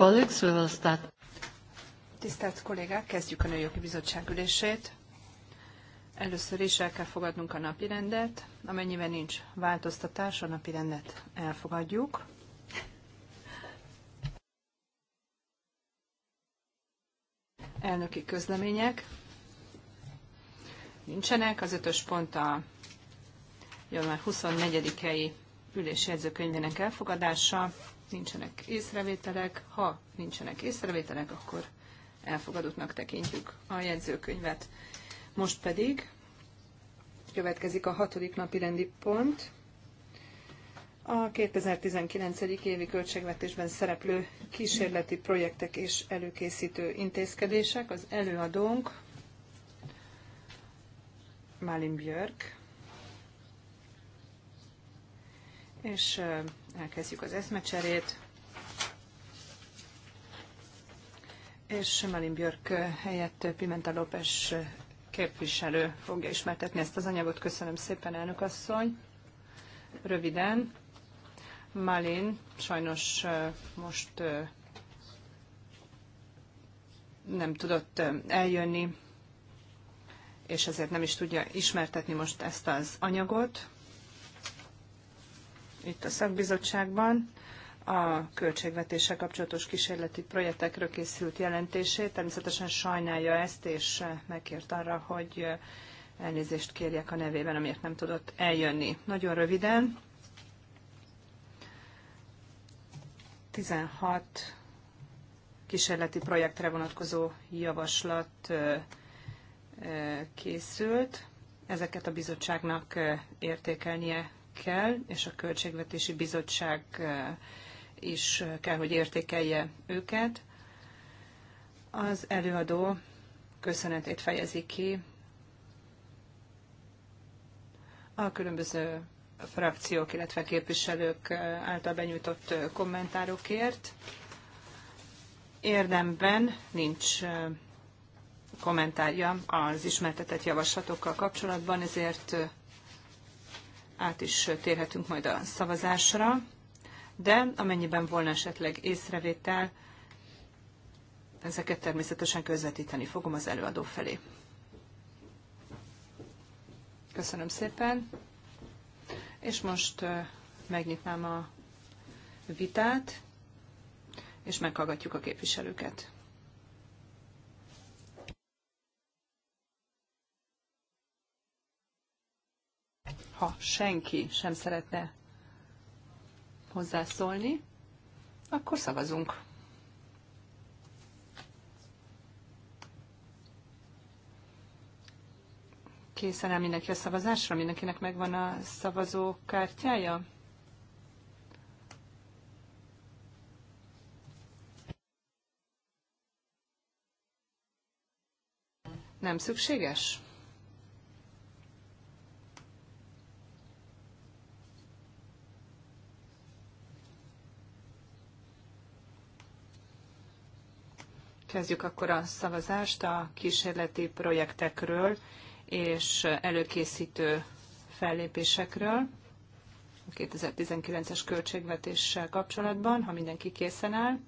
Colleagues, we will start. Tisztelt kollégák, kezdjük a Nőjogi Bizottság ülését. Először is el kell fogadnunk a napirendet. Amennyiben nincs változtatás, a napirendet elfogadjuk. Elnöki közlemények nincsenek. Az ötös pont a január 24-i ülés jegyzőkönyvének elfogadása nincsenek észrevételek. Ha nincsenek észrevételek, akkor elfogadottnak tekintjük a jegyzőkönyvet. Most pedig következik a hatodik napi rendi pont. A 2019. évi költségvetésben szereplő kísérleti projektek és előkészítő intézkedések. Az előadónk Malin Björk, és elkezdjük az eszmecserét. És Malin Björk helyett Pimenta López képviselő fogja ismertetni ezt az anyagot. Köszönöm szépen, elnök asszony. Röviden, Malin sajnos most nem tudott eljönni, és ezért nem is tudja ismertetni most ezt az anyagot itt a szakbizottságban a költségvetéssel kapcsolatos kísérleti projektekről készült jelentését. Természetesen sajnálja ezt, és megkért arra, hogy elnézést kérjek a nevében, amiért nem tudott eljönni. Nagyon röviden. 16 kísérleti projektre vonatkozó javaslat készült. Ezeket a bizottságnak értékelnie kell, és a Költségvetési Bizottság is kell, hogy értékelje őket. Az előadó köszönetét fejezi ki a különböző frakciók, illetve képviselők által benyújtott kommentárokért. Érdemben nincs kommentárja az ismertetett javaslatokkal kapcsolatban, ezért át is térhetünk majd a szavazásra, de amennyiben volna esetleg észrevétel, ezeket természetesen közvetíteni fogom az előadó felé. Köszönöm szépen, és most megnyitnám a vitát, és meghallgatjuk a képviselőket. ha senki sem szeretne hozzászólni, akkor szavazunk. Készen áll mindenki a szavazásra? Mindenkinek megvan a szavazókártyája? Nem szükséges? Kezdjük akkor a szavazást a kísérleti projektekről és előkészítő fellépésekről a 2019-es költségvetéssel kapcsolatban, ha mindenki készen áll.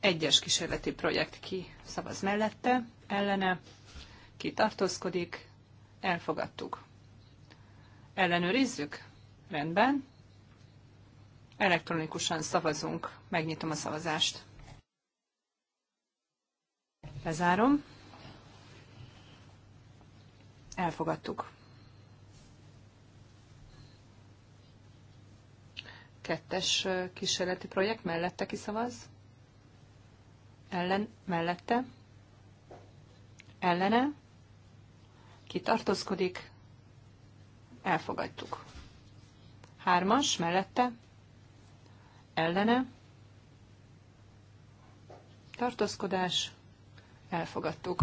Egyes kísérleti projekt ki szavaz mellette, ellene, ki tartózkodik, elfogadtuk. Ellenőrizzük? Rendben. Elektronikusan szavazunk. Megnyitom a szavazást. Lezárom. Elfogadtuk. Kettes kísérleti projekt mellette kiszavaz. Ellen, mellette. Ellene. Kitartózkodik. Elfogadtuk. Hármas mellette ellene, tartózkodás, elfogadtuk.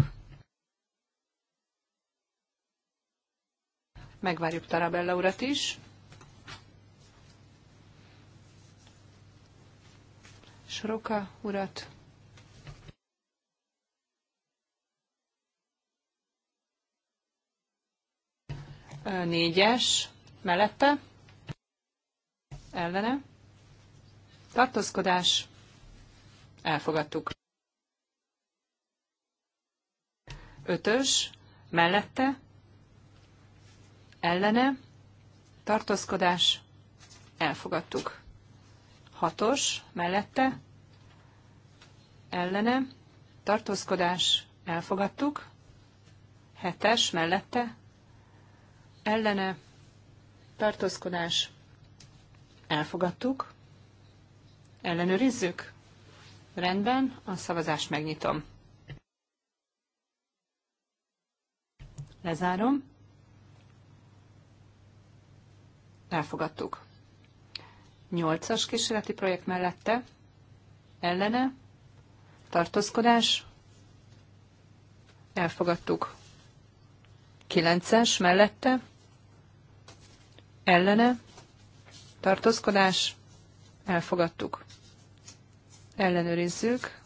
Megvárjuk Tarabella urat is. Soroka urat. Négyes, mellette, ellene tartózkodás, elfogadtuk. Ötös, mellette, ellene, tartózkodás, elfogadtuk. Hatos, mellette, ellene, tartózkodás, elfogadtuk. Hetes, mellette, ellene, tartózkodás, elfogadtuk. Ellenőrizzük? Rendben, a szavazást megnyitom. Lezárom. Elfogadtuk. Nyolcas kísérleti projekt mellette. Ellene. Tartózkodás. Elfogadtuk. Kilences mellette. Ellene. Tartózkodás. Elfogadtuk ellenőrizzük.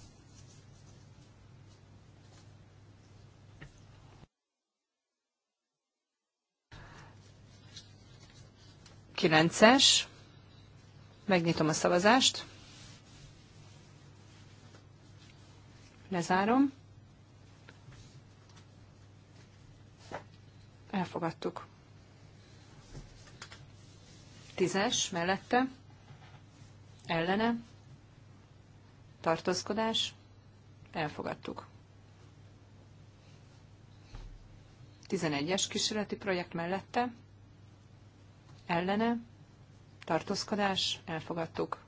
Kilences. Megnyitom a szavazást. Lezárom. Elfogadtuk. Tízes mellette. Ellene tartózkodás, elfogadtuk. 11-es kísérleti projekt mellette, ellene, tartózkodás, elfogadtuk.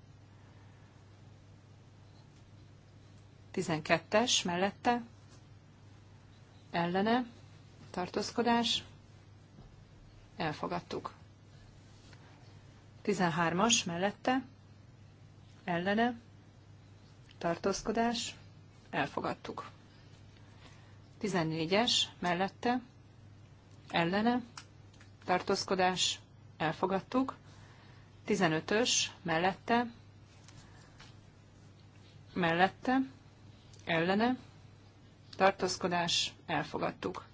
12-es mellette, ellene, tartózkodás, elfogadtuk. 13-as mellette, ellene, tartózkodás, elfogadtuk. 14-es mellette, ellene, tartózkodás, elfogadtuk. 15-ös mellette, mellette, ellene, tartózkodás, elfogadtuk.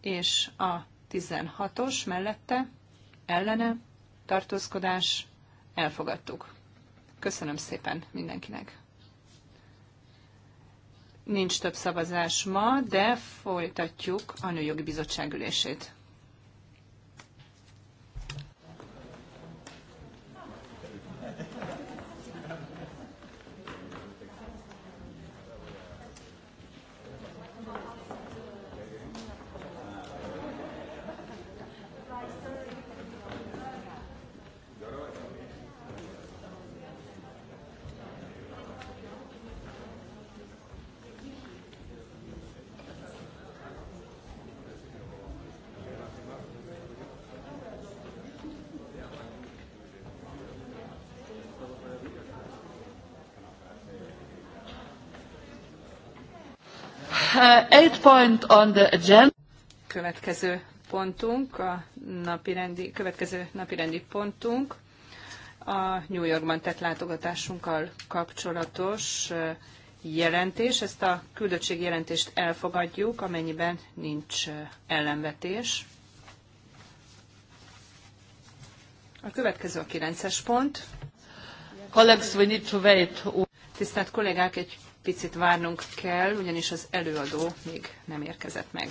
És a 16-os mellette, ellene, tartózkodás, elfogadtuk. Köszönöm szépen mindenkinek. Nincs több szavazás ma, de folytatjuk a Nőjogi Bizottság ülését. Uh, point on the agenda. Következő pontunk, a napirendi, következő napirendi pontunk a New Yorkban tett látogatásunkkal kapcsolatos uh, jelentés. Ezt a küldöttség jelentést elfogadjuk, amennyiben nincs uh, ellenvetés. A következő a 9-es pont. Colleagues, we need to wait. Tisztelt kollégák, egy picit várnunk kell, ugyanis az előadó még nem érkezett meg.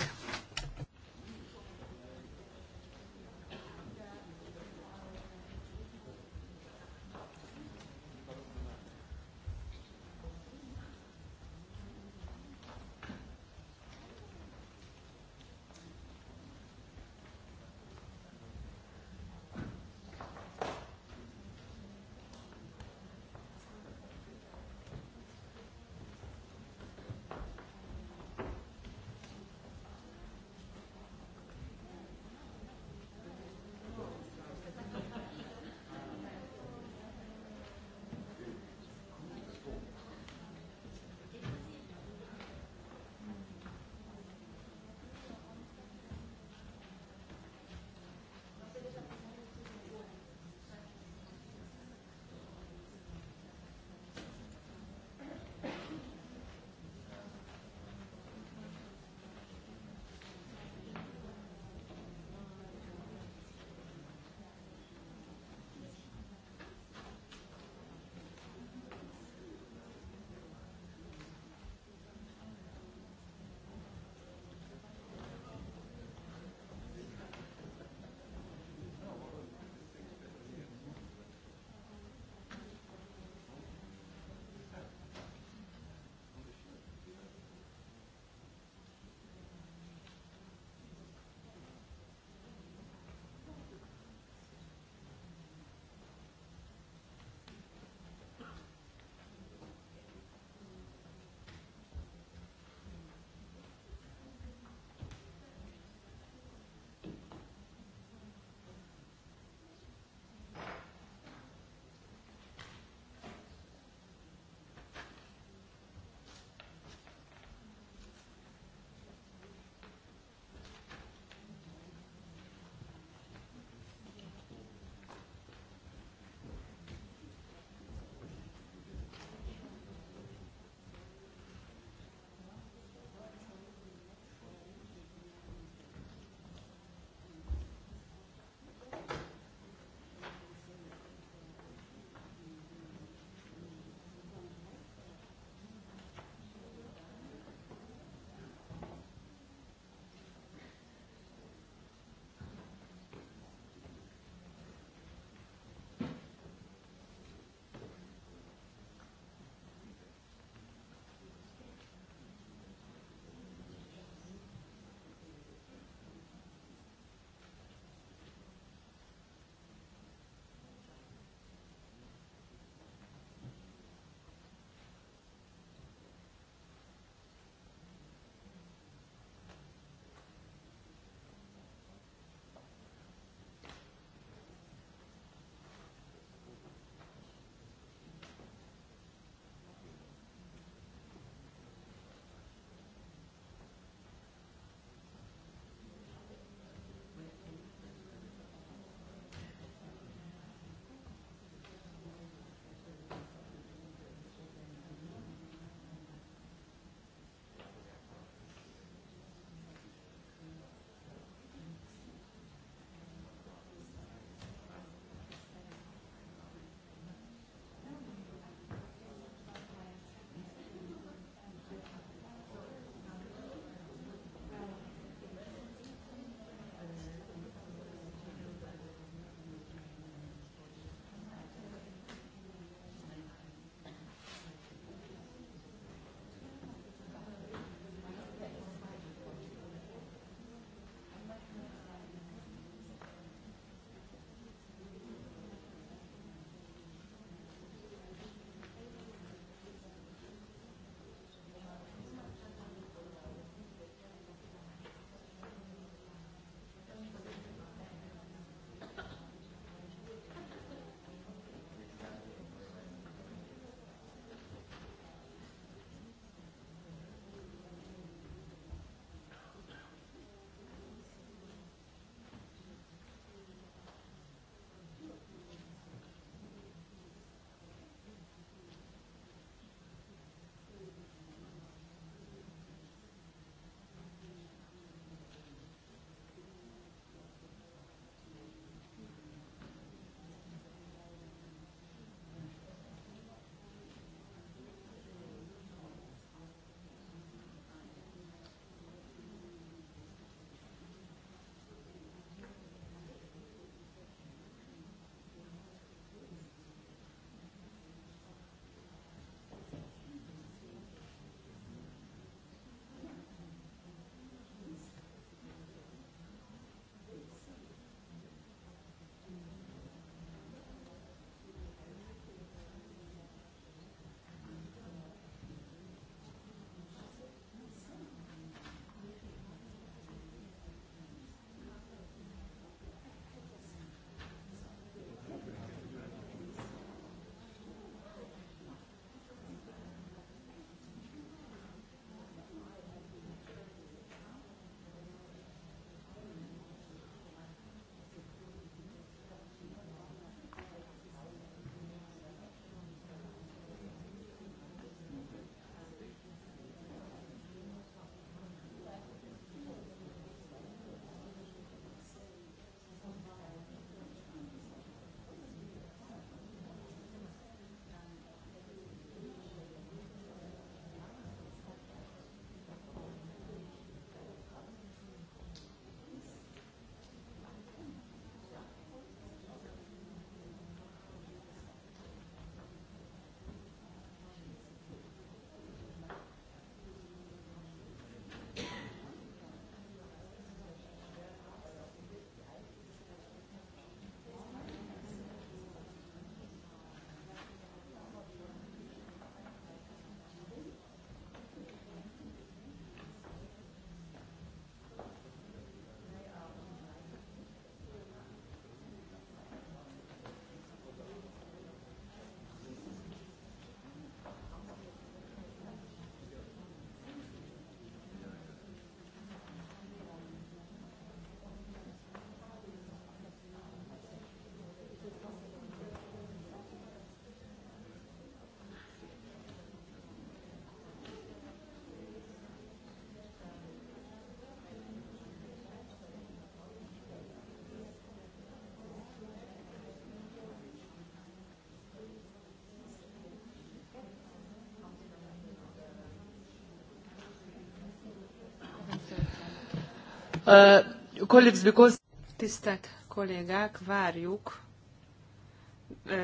Tisztelt kollégák, várjuk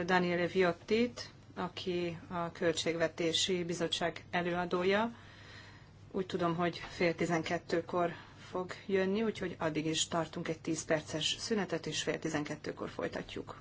Daniele Viottit, aki a Költségvetési Bizottság előadója. Úgy tudom, hogy fél tizenkettőkor fog jönni, úgyhogy addig is tartunk egy 10 perces szünetet, és fél tizenkettőkor folytatjuk.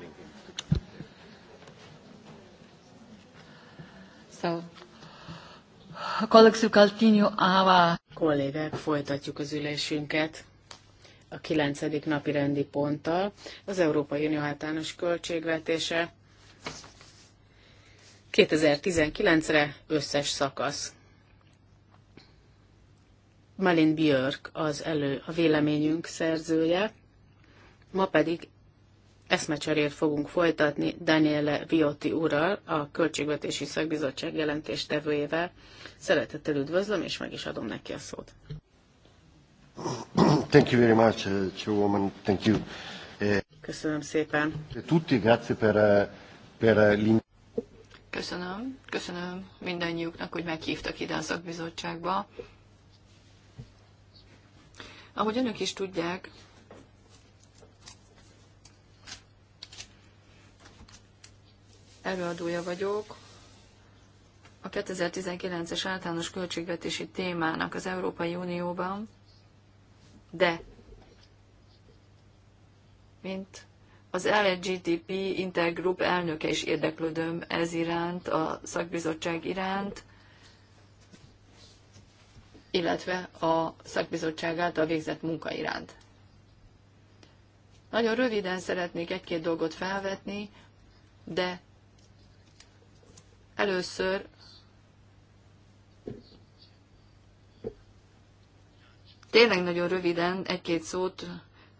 calling So, colleagues, we continue our... Kollégák, folytatjuk az ülésünket a kilencedik napi rendi ponttal, az Európai Unió általános költségvetése 2019-re összes szakasz. Malin Björk az elő a véleményünk szerzője, ma pedig eszmecserét fogunk folytatni Daniele Viotti úrral, a Költségvetési Szakbizottság jelentéstevőjével. Szeretettel üdvözlöm, és meg is adom neki a szót. Thank you very much, uh, Chairwoman. Thank you. Köszönöm szépen. Eh, tutti, grazie per, eh, per eh, Köszönöm. Köszönöm mindannyiuknak, hogy meghívtak ide a szakbizottságba. Ahogy önök is tudják, előadója vagyok a 2019-es általános költségvetési témának az Európai Unióban, de mint az LGTB Intergroup elnöke is érdeklődöm ez iránt, a szakbizottság iránt, illetve a szakbizottság által végzett munka iránt. Nagyon röviden szeretnék egy-két dolgot felvetni, de Először tényleg nagyon röviden egy-két szót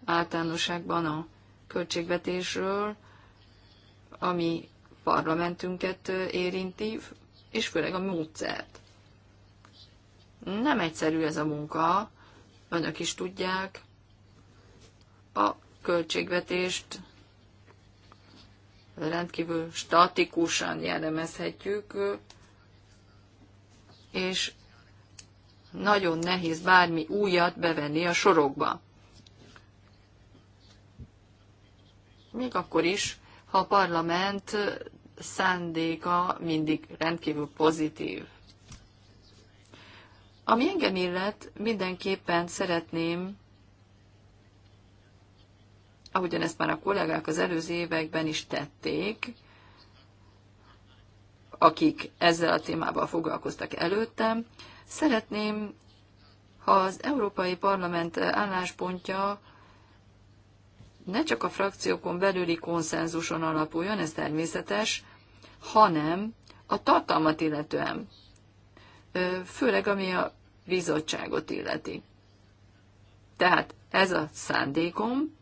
általánosságban a költségvetésről, ami parlamentünket érinti, és főleg a módszert. Nem egyszerű ez a munka, önök is tudják. A költségvetést rendkívül statikusan jellemezhetjük, és nagyon nehéz bármi újat bevenni a sorokba. Még akkor is, ha a parlament szándéka mindig rendkívül pozitív. Ami engem illet, mindenképpen szeretném ahogyan ezt már a kollégák az előző években is tették, akik ezzel a témával foglalkoztak előttem, szeretném, ha az Európai Parlament álláspontja ne csak a frakciókon belüli konszenzuson alapuljon, ez természetes, hanem a tartalmat illetően, főleg ami a bizottságot illeti. Tehát ez a szándékom,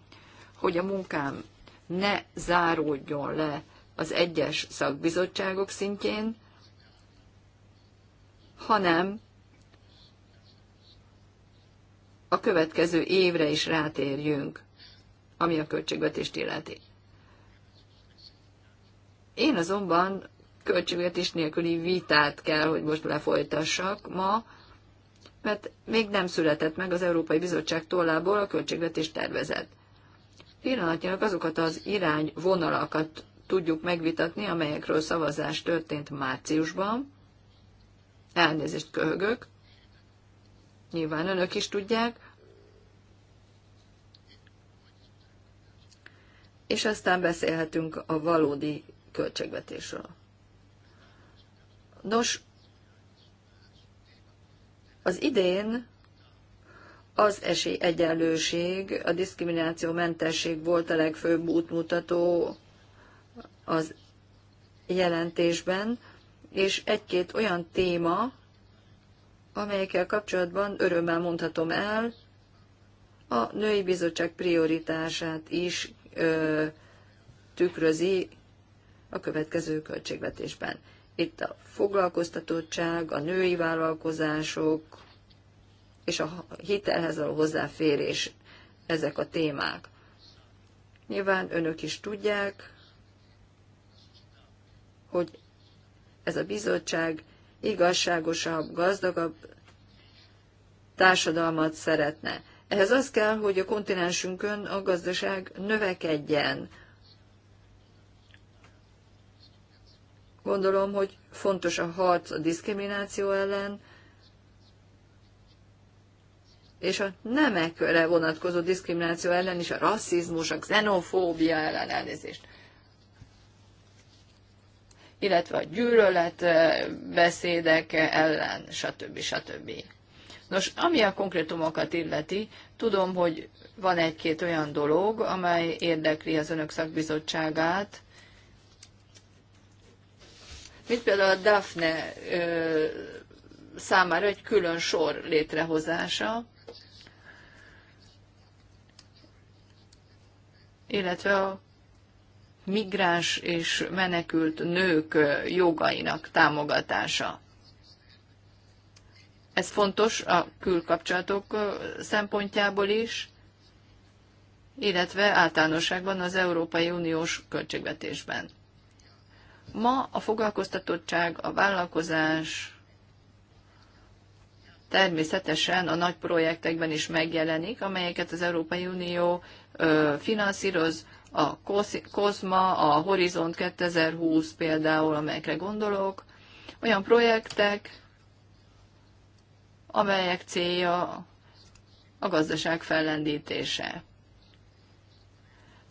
hogy a munkám ne záródjon le az egyes szakbizottságok szintjén, hanem a következő évre is rátérjünk, ami a költségvetést illeti. Én azonban költségvetés nélküli vitát kell, hogy most lefolytassak ma, mert még nem született meg az Európai Bizottság tollából a költségvetés tervezet pillanatnyilag azokat az irányvonalakat tudjuk megvitatni, amelyekről szavazás történt márciusban. Elnézést köhögök. Nyilván önök is tudják. És aztán beszélhetünk a valódi költségvetésről. Nos, az idén az esélyegyenlőség, a mentesség volt a legfőbb útmutató az jelentésben, és egy-két olyan téma, amelyekkel kapcsolatban örömmel mondhatom el, a női bizottság prioritását is ö, tükrözi a következő költségvetésben. Itt a foglalkoztatottság, a női vállalkozások, és a hitelhez való hozzáférés ezek a témák. Nyilván önök is tudják, hogy ez a bizottság igazságosabb, gazdagabb társadalmat szeretne. Ehhez az kell, hogy a kontinensünkön a gazdaság növekedjen. Gondolom, hogy fontos a harc a diszkrimináció ellen, és a nemekre vonatkozó diszkrimináció ellen is, a rasszizmus, a xenofóbia ellen elnézést. Illetve a gyűlölet beszédek ellen, stb. stb. Nos, ami a konkrétumokat illeti, tudom, hogy van egy-két olyan dolog, amely érdekli az önök szakbizottságát, mint például a Daphne ö, számára egy külön sor létrehozása, illetve a migráns és menekült nők jogainak támogatása. Ez fontos a külkapcsolatok szempontjából is, illetve általánosságban az Európai Uniós költségvetésben. Ma a foglalkoztatottság, a vállalkozás természetesen a nagy projektekben is megjelenik, amelyeket az Európai Unió finanszíroz, a COSMA, a Horizont 2020 például, amelyekre gondolok, olyan projektek, amelyek célja a gazdaság fellendítése.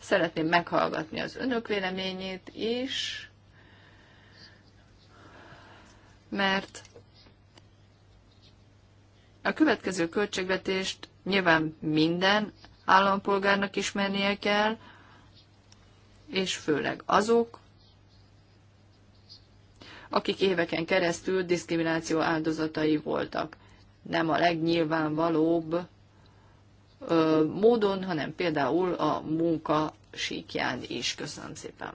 Szeretném meghallgatni az önök véleményét is, mert a következő költségvetést nyilván minden állampolgárnak ismernie kell, és főleg azok, akik éveken keresztül diszkrimináció áldozatai voltak. Nem a legnyilvánvalóbb ö, módon, hanem például a munka síkján is. Köszönöm szépen.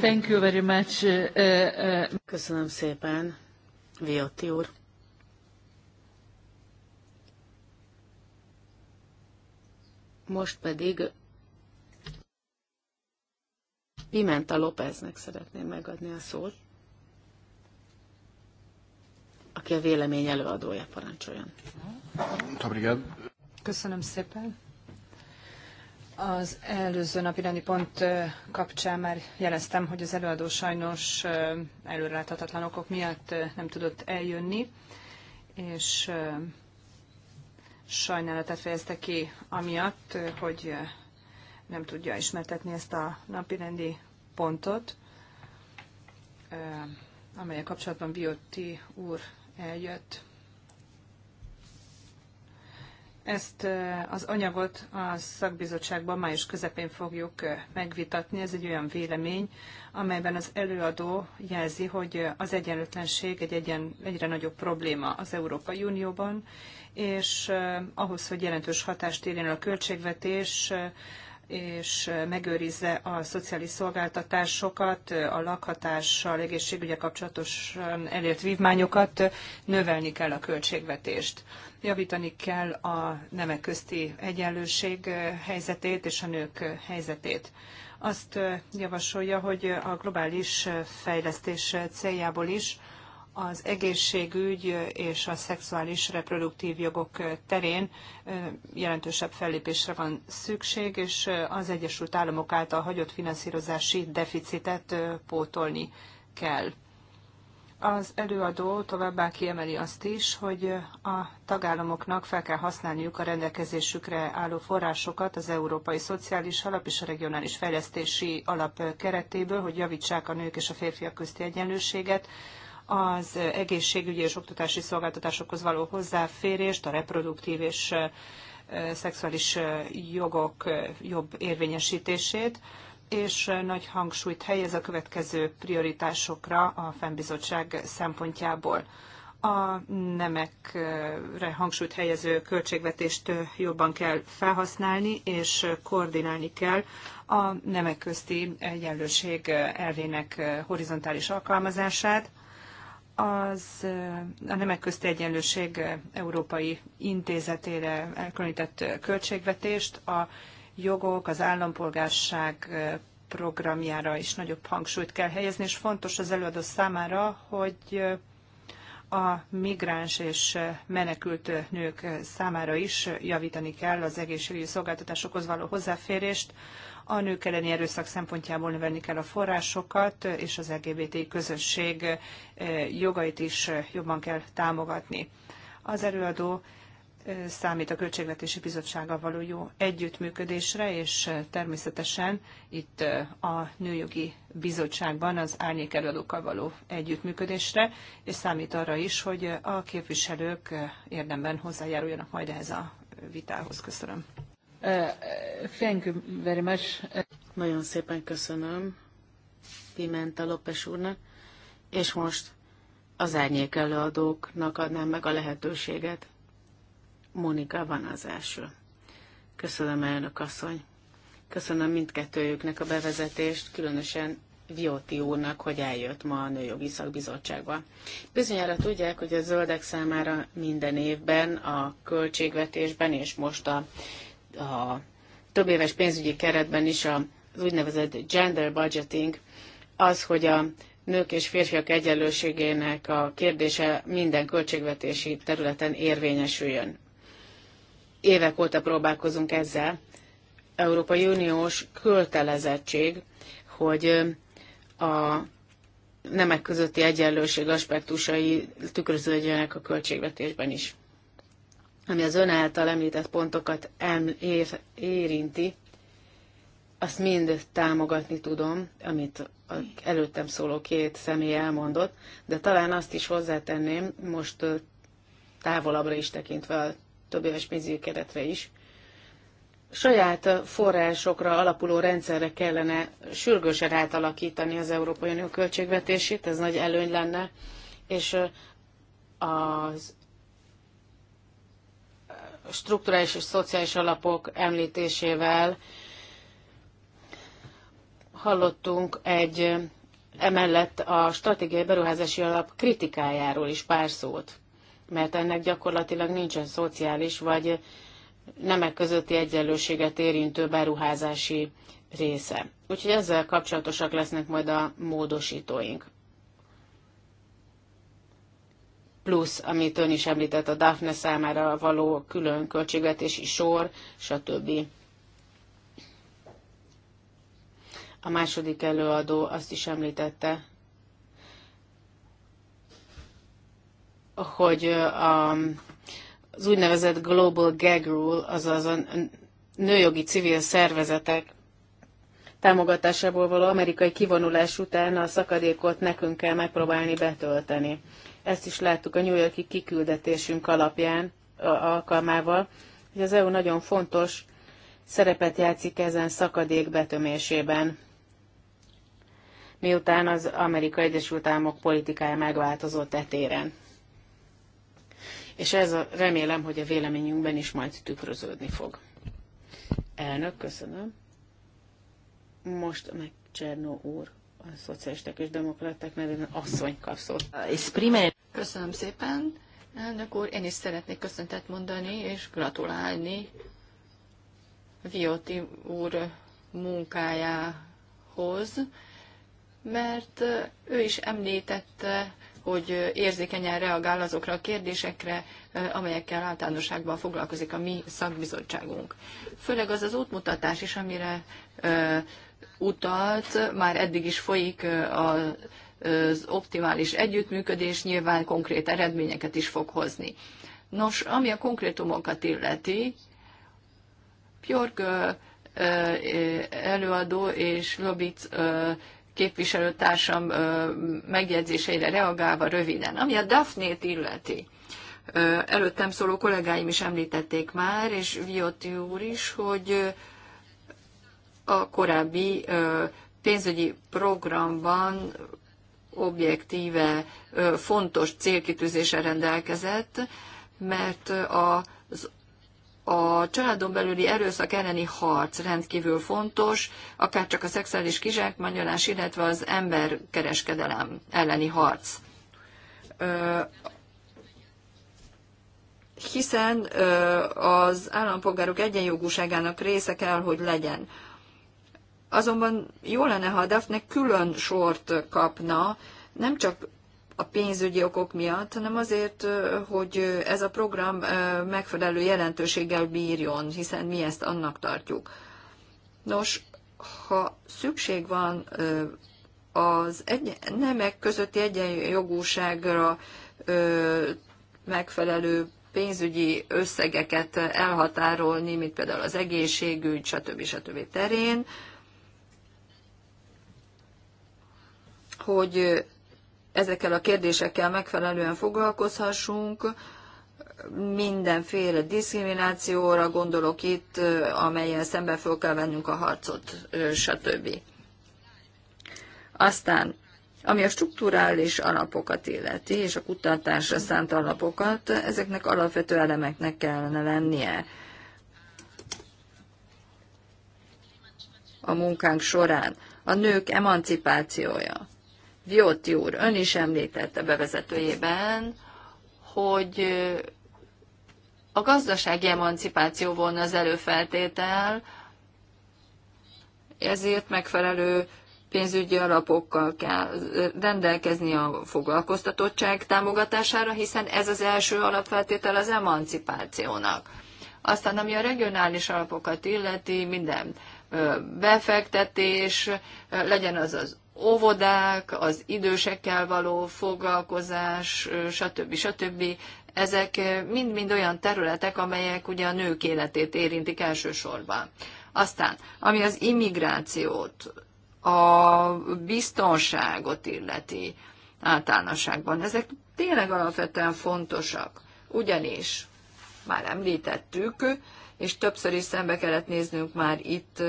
Thank you very much. Uh, uh... Köszönöm szépen, Viotti úr. Most pedig Pimenta Lópeznek szeretném megadni a szót, aki a vélemény előadója parancsoljon. Köszönöm szépen. Az előző napi rendi pont kapcsán már jeleztem, hogy az előadó sajnos előreláthatatlan okok miatt nem tudott eljönni, és sajnálatát fejezte ki amiatt, hogy nem tudja ismertetni ezt a napirendi pontot, amelyek kapcsolatban Biotti úr eljött. Ezt eh, az anyagot a szakbizottságban május közepén fogjuk eh, megvitatni. Ez egy olyan vélemény, amelyben az előadó jelzi, hogy az egyenlőtlenség egy egyen, egyre nagyobb probléma az Európai Unióban, és ahhoz, hogy jelentős hatást érjen a költségvetés, és megőrizze a szociális szolgáltatásokat, a lakhatással, egészségügye kapcsolatos elért vívmányokat, növelni kell a költségvetést. Javítani kell a nemek közti egyenlőség helyzetét és a nők helyzetét. Azt javasolja, hogy a globális fejlesztés céljából is az egészségügy és a szexuális reproduktív jogok terén jelentősebb fellépésre van szükség, és az Egyesült Államok által hagyott finanszírozási deficitet pótolni kell. Az előadó továbbá kiemeli azt is, hogy a tagállamoknak fel kell használniuk a rendelkezésükre álló forrásokat az Európai Szociális Alap és a Regionális Fejlesztési Alap keretéből, hogy javítsák a nők és a férfiak közti egyenlőséget, az egészségügyi és oktatási szolgáltatásokhoz való hozzáférést, a reproduktív és szexuális jogok jobb érvényesítését, és nagy hangsúlyt helyez a következő prioritásokra a fennbizottság szempontjából. A nemekre hangsúlyt helyező költségvetést jobban kell felhasználni, és koordinálni kell a nemek közti egyenlőség elvének horizontális alkalmazását, az a nemek közti egyenlőség Európai Intézetére elkülönített költségvetést, a jogok, az állampolgárság programjára is nagyobb hangsúlyt kell helyezni, és fontos az előadó számára, hogy a migráns és menekült nők számára is javítani kell az egészségügyi szolgáltatásokhoz való hozzáférést, a nők elleni erőszak szempontjából növelni kell a forrásokat, és az LGBT közösség eh, jogait is eh, jobban kell támogatni. Az előadó eh, számít a Költségvetési Bizottsággal való jó együttműködésre, és természetesen itt a Nőjogi Bizottságban az árnyék előadókkal való együttműködésre, és számít arra is, hogy a képviselők érdemben hozzájáruljanak majd ehhez a vitához. Köszönöm. Uh, thank you very much. Nagyon szépen köszönöm Pimenta López úrnak, és most az árnyék előadóknak adnám meg a lehetőséget. Monika van az első. Köszönöm, elnök asszony. Köszönöm mindkettőjüknek a bevezetést, különösen Vioti úrnak, hogy eljött ma a Nőjogi Szakbizottságba. Bizonyára tudják, hogy a zöldek számára minden évben a költségvetésben és most a a több éves pénzügyi keretben is az úgynevezett gender budgeting, az, hogy a nők és férfiak egyenlőségének a kérdése minden költségvetési területen érvényesüljön. Évek óta próbálkozunk ezzel. Európai Uniós kötelezettség, hogy a nemek közötti egyenlőség aspektusai tükröződjenek a költségvetésben is ami az ön által említett pontokat érinti, azt mind támogatni tudom, amit előttem szóló két személy elmondott, de talán azt is hozzátenném, most távolabbra is tekintve a több éves pénzügyi keretre is, saját forrásokra alapuló rendszerre kellene sürgősen átalakítani az Európai Unió költségvetését, ez nagy előny lenne, és az strukturális és szociális alapok említésével hallottunk egy emellett a stratégiai beruházási alap kritikájáról is pár szót, mert ennek gyakorlatilag nincsen szociális vagy nemek közötti egyenlőséget érintő beruházási része. Úgyhogy ezzel kapcsolatosak lesznek majd a módosítóink. plusz, amit ön is említett, a Daphne számára való külön költségvetési sor, stb. A második előadó azt is említette, hogy a, az úgynevezett Global Gag Rule, azaz a nőjogi civil szervezetek támogatásából való amerikai kivonulás után a szakadékot nekünk kell megpróbálni betölteni. Ezt is láttuk a New Yorki kiküldetésünk alapján, alkalmával, hogy az EU nagyon fontos szerepet játszik ezen szakadék betömésében, miután az Amerikai Egyesült Államok politikája megváltozott etéren. És ez a, remélem, hogy a véleményünkben is majd tükröződni fog. Elnök, köszönöm. Most meg Csernó úr a szocialisták és demokraták nevében asszony kapszott. Köszönöm szépen. Elnök úr, én is szeretnék köszöntet mondani és gratulálni Vioti úr munkájához, mert ő is említette, hogy érzékenyen reagál azokra a kérdésekre, amelyekkel általánosságban foglalkozik a mi szakbizottságunk. Főleg az az útmutatás is, amire utalt, már eddig is folyik az optimális együttműködés, nyilván konkrét eredményeket is fog hozni. Nos, ami a konkrétumokat illeti, Björk előadó és Lobic képviselőtársam megjegyzéseire reagálva röviden. Ami a Daphnét illeti, előttem szóló kollégáim is említették már, és Vioti úr is, hogy a korábbi pénzügyi programban objektíve fontos célkitűzése rendelkezett, mert a, a családon belüli erőszak elleni harc rendkívül fontos, akár csak a szexuális kizsákmányolás, illetve az emberkereskedelem elleni harc. Hiszen az állampolgárok egyenjogúságának része kell, hogy legyen Azonban jó lenne, ha a Daphne külön sort kapna, nem csak a pénzügyi okok miatt, hanem azért, hogy ez a program megfelelő jelentőséggel bírjon, hiszen mi ezt annak tartjuk. Nos, ha szükség van az egy, nemek közötti egyenjogúságra megfelelő pénzügyi összegeket elhatárolni, mint például az egészségügy, stb. stb. terén, hogy ezekkel a kérdésekkel megfelelően foglalkozhassunk, mindenféle diszkriminációra gondolok itt, amelyen szembe föl kell vennünk a harcot, stb. Aztán, ami a strukturális alapokat illeti, és a kutatásra szánt alapokat, ezeknek alapvető elemeknek kellene lennie a munkánk során. A nők emancipációja Vjóti úr, ön is említette bevezetőjében, hogy a gazdasági emancipáció volna az előfeltétel, ezért megfelelő pénzügyi alapokkal kell rendelkezni a foglalkoztatottság támogatására, hiszen ez az első alapfeltétel az emancipációnak. Aztán, ami a regionális alapokat illeti, minden befektetés, legyen az az óvodák, az idősekkel való foglalkozás, stb. stb. Ezek mind-mind olyan területek, amelyek ugye a nők életét érintik elsősorban. Aztán, ami az immigrációt, a biztonságot illeti általánosságban, ezek tényleg alapvetően fontosak. Ugyanis, már említettük, és többször is szembe kellett néznünk már itt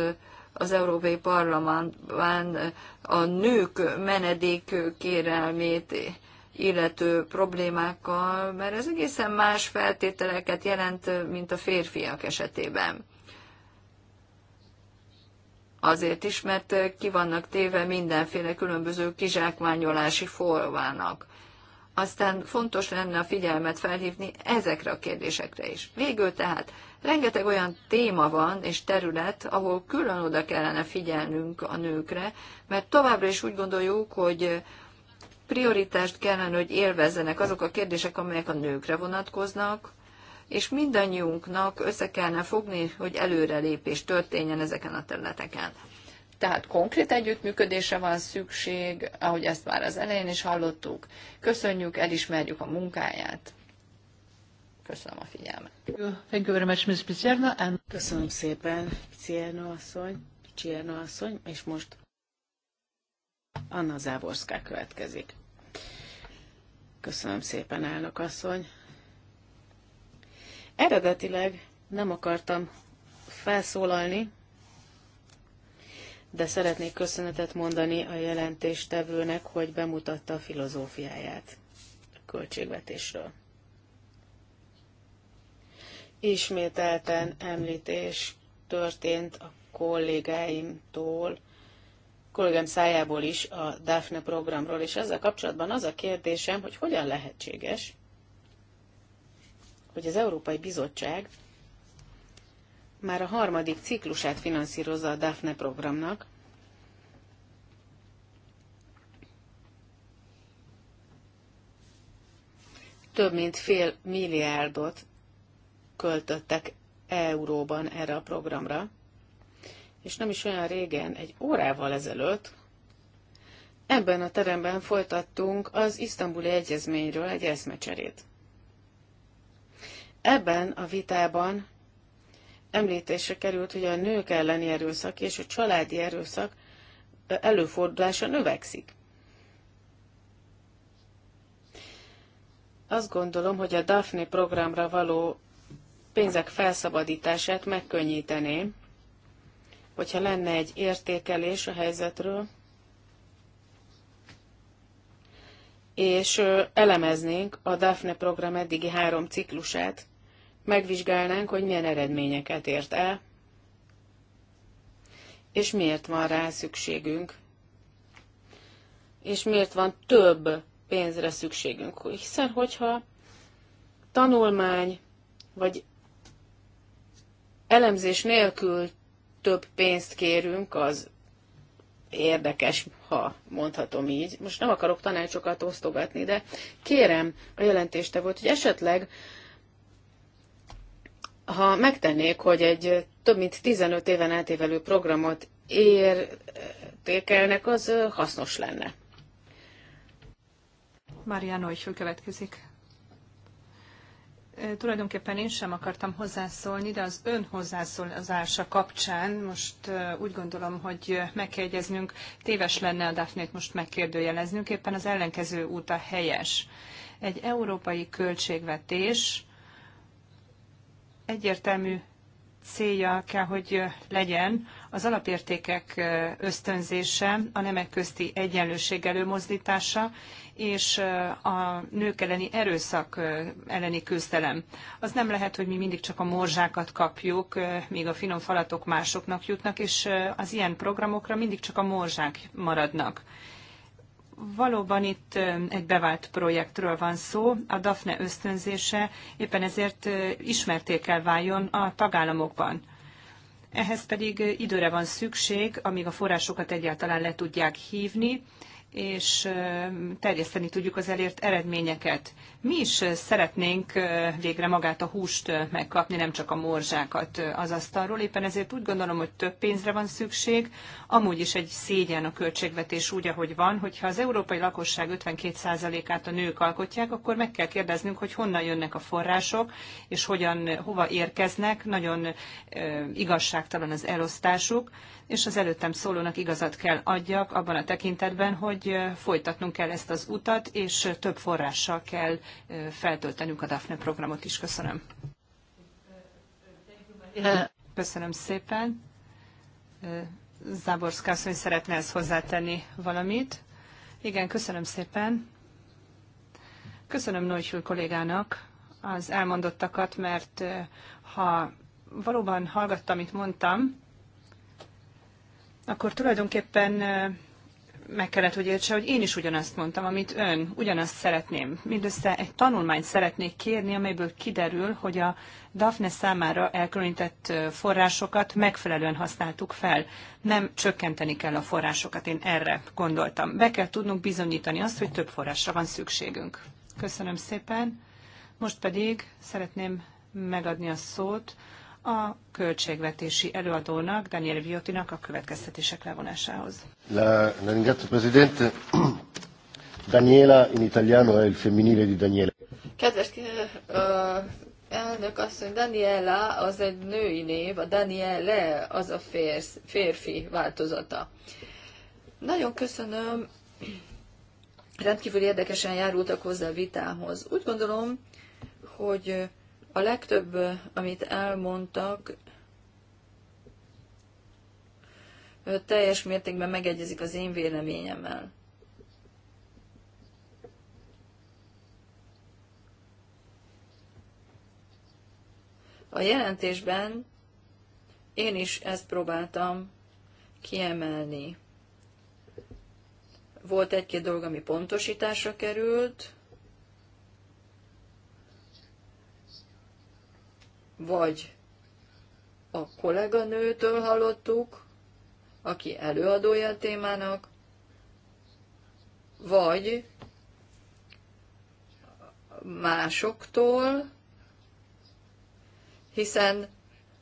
az Európai Parlamentben a nők menedék kérelmét illető problémákkal, mert ez egészen más feltételeket jelent, mint a férfiak esetében. Azért is, mert ki vannak téve mindenféle különböző kizsákmányolási forvának. Aztán fontos lenne a figyelmet felhívni ezekre a kérdésekre is. Végül tehát Rengeteg olyan téma van és terület, ahol külön oda kellene figyelnünk a nőkre, mert továbbra is úgy gondoljuk, hogy prioritást kellene, hogy élvezzenek azok a kérdések, amelyek a nőkre vonatkoznak, és mindannyiunknak össze kellene fogni, hogy előrelépés történjen ezeken a területeken. Tehát konkrét együttműködésre van szükség, ahogy ezt már az elején is hallottuk. Köszönjük, elismerjük a munkáját. Köszönöm a figyelmet. Köszönöm szépen, Cierno asszony, Cierno asszony, és most Anna Závorszká következik. Köszönöm szépen, elnök asszony. Eredetileg nem akartam felszólalni, de szeretnék köszönetet mondani a jelentéstevőnek, hogy bemutatta a filozófiáját a költségvetésről. Ismételten említés történt a kollégáimtól, kollégám szájából is a DAFNE programról, és ezzel kapcsolatban az a kérdésem, hogy hogyan lehetséges, hogy az Európai Bizottság már a harmadik ciklusát finanszírozza a DAFNE programnak, több mint fél milliárdot költöttek euróban erre a programra, és nem is olyan régen, egy órával ezelőtt, ebben a teremben folytattunk az isztambuli egyezményről egy eszmecserét. Ebben a vitában említésre került, hogy a nők elleni erőszak és a családi erőszak előfordulása növekszik. Azt gondolom, hogy a Daphne programra való pénzek felszabadítását megkönnyítené, hogyha lenne egy értékelés a helyzetről, és elemeznénk a DAFNE program eddigi három ciklusát, megvizsgálnánk, hogy milyen eredményeket ért el, és miért van rá szükségünk, és miért van több pénzre szükségünk. Hiszen, hogyha tanulmány vagy elemzés nélkül több pénzt kérünk, az érdekes, ha mondhatom így. Most nem akarok tanácsokat osztogatni, de kérem a jelentéste volt, hogy esetleg ha megtennék, hogy egy több mint 15 éven átévelő programot értékelnek, az hasznos lenne. Mariano hogy következik tulajdonképpen én sem akartam hozzászólni, de az ön hozzászólása kapcsán most úgy gondolom, hogy meg kell téves lenne a Daphnét most megkérdőjeleznünk, éppen az ellenkező út a helyes. Egy európai költségvetés egyértelmű célja kell, hogy legyen az alapértékek ösztönzése, a nemek közti egyenlőség előmozdítása, és a nők elleni erőszak elleni küzdelem. Az nem lehet, hogy mi mindig csak a morzsákat kapjuk, míg a finom falatok másoknak jutnak, és az ilyen programokra mindig csak a morzsák maradnak. Valóban itt egy bevált projektről van szó, a DAFNE ösztönzése éppen ezért ismerté kell váljon a tagállamokban. Ehhez pedig időre van szükség, amíg a forrásokat egyáltalán le tudják hívni, és terjeszteni tudjuk az elért eredményeket. Mi is szeretnénk végre magát a húst megkapni, nem csak a morzsákat az asztalról. Éppen ezért úgy gondolom, hogy több pénzre van szükség. Amúgy is egy szégyen a költségvetés úgy, ahogy van, hogyha az európai lakosság 52%-át a nők alkotják, akkor meg kell kérdeznünk, hogy honnan jönnek a források, és hogyan, hova érkeznek. Nagyon igazságtalan az elosztásuk, és az előttem szólónak igazat kell adjak abban a tekintetben, hogy hogy folytatnunk kell ezt az utat, és több forrással kell feltöltenünk a DAFNE programot is. Köszönöm. Köszönöm szépen. Záborszka asszony szeretne ezt hozzátenni valamit. Igen, köszönöm szépen. Köszönöm Nojhül kollégának az elmondottakat, mert ha valóban hallgattam, amit mondtam, akkor tulajdonképpen meg kellett, hogy értse, hogy én is ugyanazt mondtam, amit ön, ugyanazt szeretném. Mindössze egy tanulmányt szeretnék kérni, amelyből kiderül, hogy a DAFNE számára elkülönített forrásokat megfelelően használtuk fel. Nem csökkenteni kell a forrásokat, én erre gondoltam. Be kell tudnunk bizonyítani azt, hogy több forrásra van szükségünk. Köszönöm szépen. Most pedig szeretném megadni a szót a költségvetési előadónak, Daniel Viotinak a következtetések levonásához. La, la ringrazio Presidente. Daniela in italiano è il femminile di Daniela. Kedves uh, elnök asszony, Daniela az egy női név, a Daniele az a férsz, férfi változata. Nagyon köszönöm, rendkívül érdekesen járultak hozzá a vitához. Úgy gondolom, hogy a legtöbb, eh, amit elmondtak, teljes mértékben megegyezik az én véleményemmel. A jelentésben én is ezt próbáltam kiemelni. Volt egy-két dolog, ami pontosításra került, vagy a kolléganőtől hallottuk, aki előadója a témának, vagy másoktól, hiszen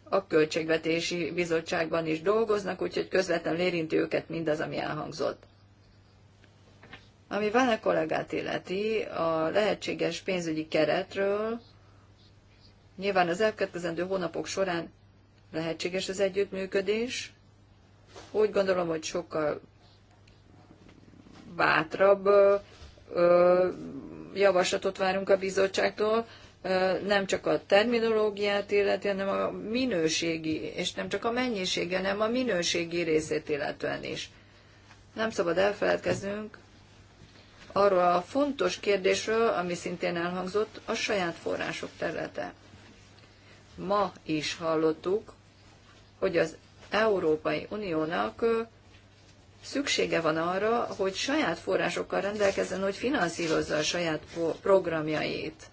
a Költségvetési Bizottságban is dolgoznak, úgyhogy közvetlenül érinti őket mindaz, ami elhangzott. Ami van a kollégát illeti, a lehetséges pénzügyi keretről, Nyilván az elkövetkezendő hónapok során lehetséges az együttműködés. Úgy gondolom, hogy sokkal bátrabb javaslatot várunk a bizottságtól, nem csak a terminológiát illeti, hanem a minőségi, és nem csak a mennyiségi, hanem a minőségi részét illetően is. Nem szabad elfeledkeznünk arról a fontos kérdésről, ami szintén elhangzott, a saját források területe. Ma is hallottuk, hogy az Európai Uniónak szüksége van arra, hogy saját forrásokkal rendelkezzen, hogy finanszírozza a saját programjait.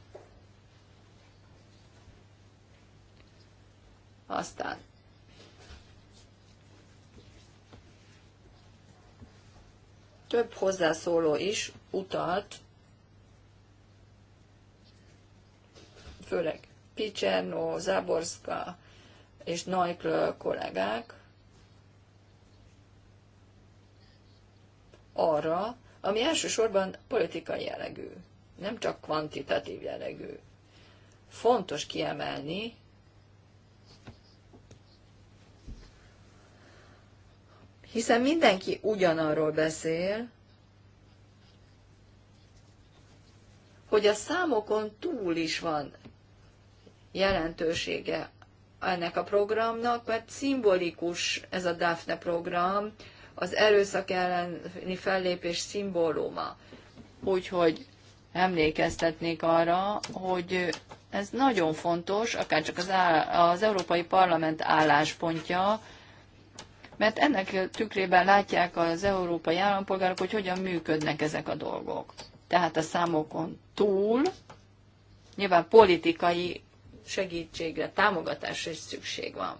Aztán több hozzászóló is utalt, főleg Picsernó, Záborszka és Najkl kollégák arra, ami elsősorban politikai jellegű, nem csak kvantitatív jellegű. Fontos kiemelni, hiszen mindenki ugyanarról beszél, hogy a számokon túl is van jelentősége ennek a programnak, mert szimbolikus ez a Daphne program, az erőszak elleni fellépés szimbóluma. Úgyhogy emlékeztetnék arra, hogy ez nagyon fontos, akár csak az, áll, az Európai Parlament álláspontja, mert ennek tükrében látják az európai állampolgárok, hogy hogyan működnek ezek a dolgok. Tehát a számokon túl nyilván politikai segítségre, támogatásra is szükség van.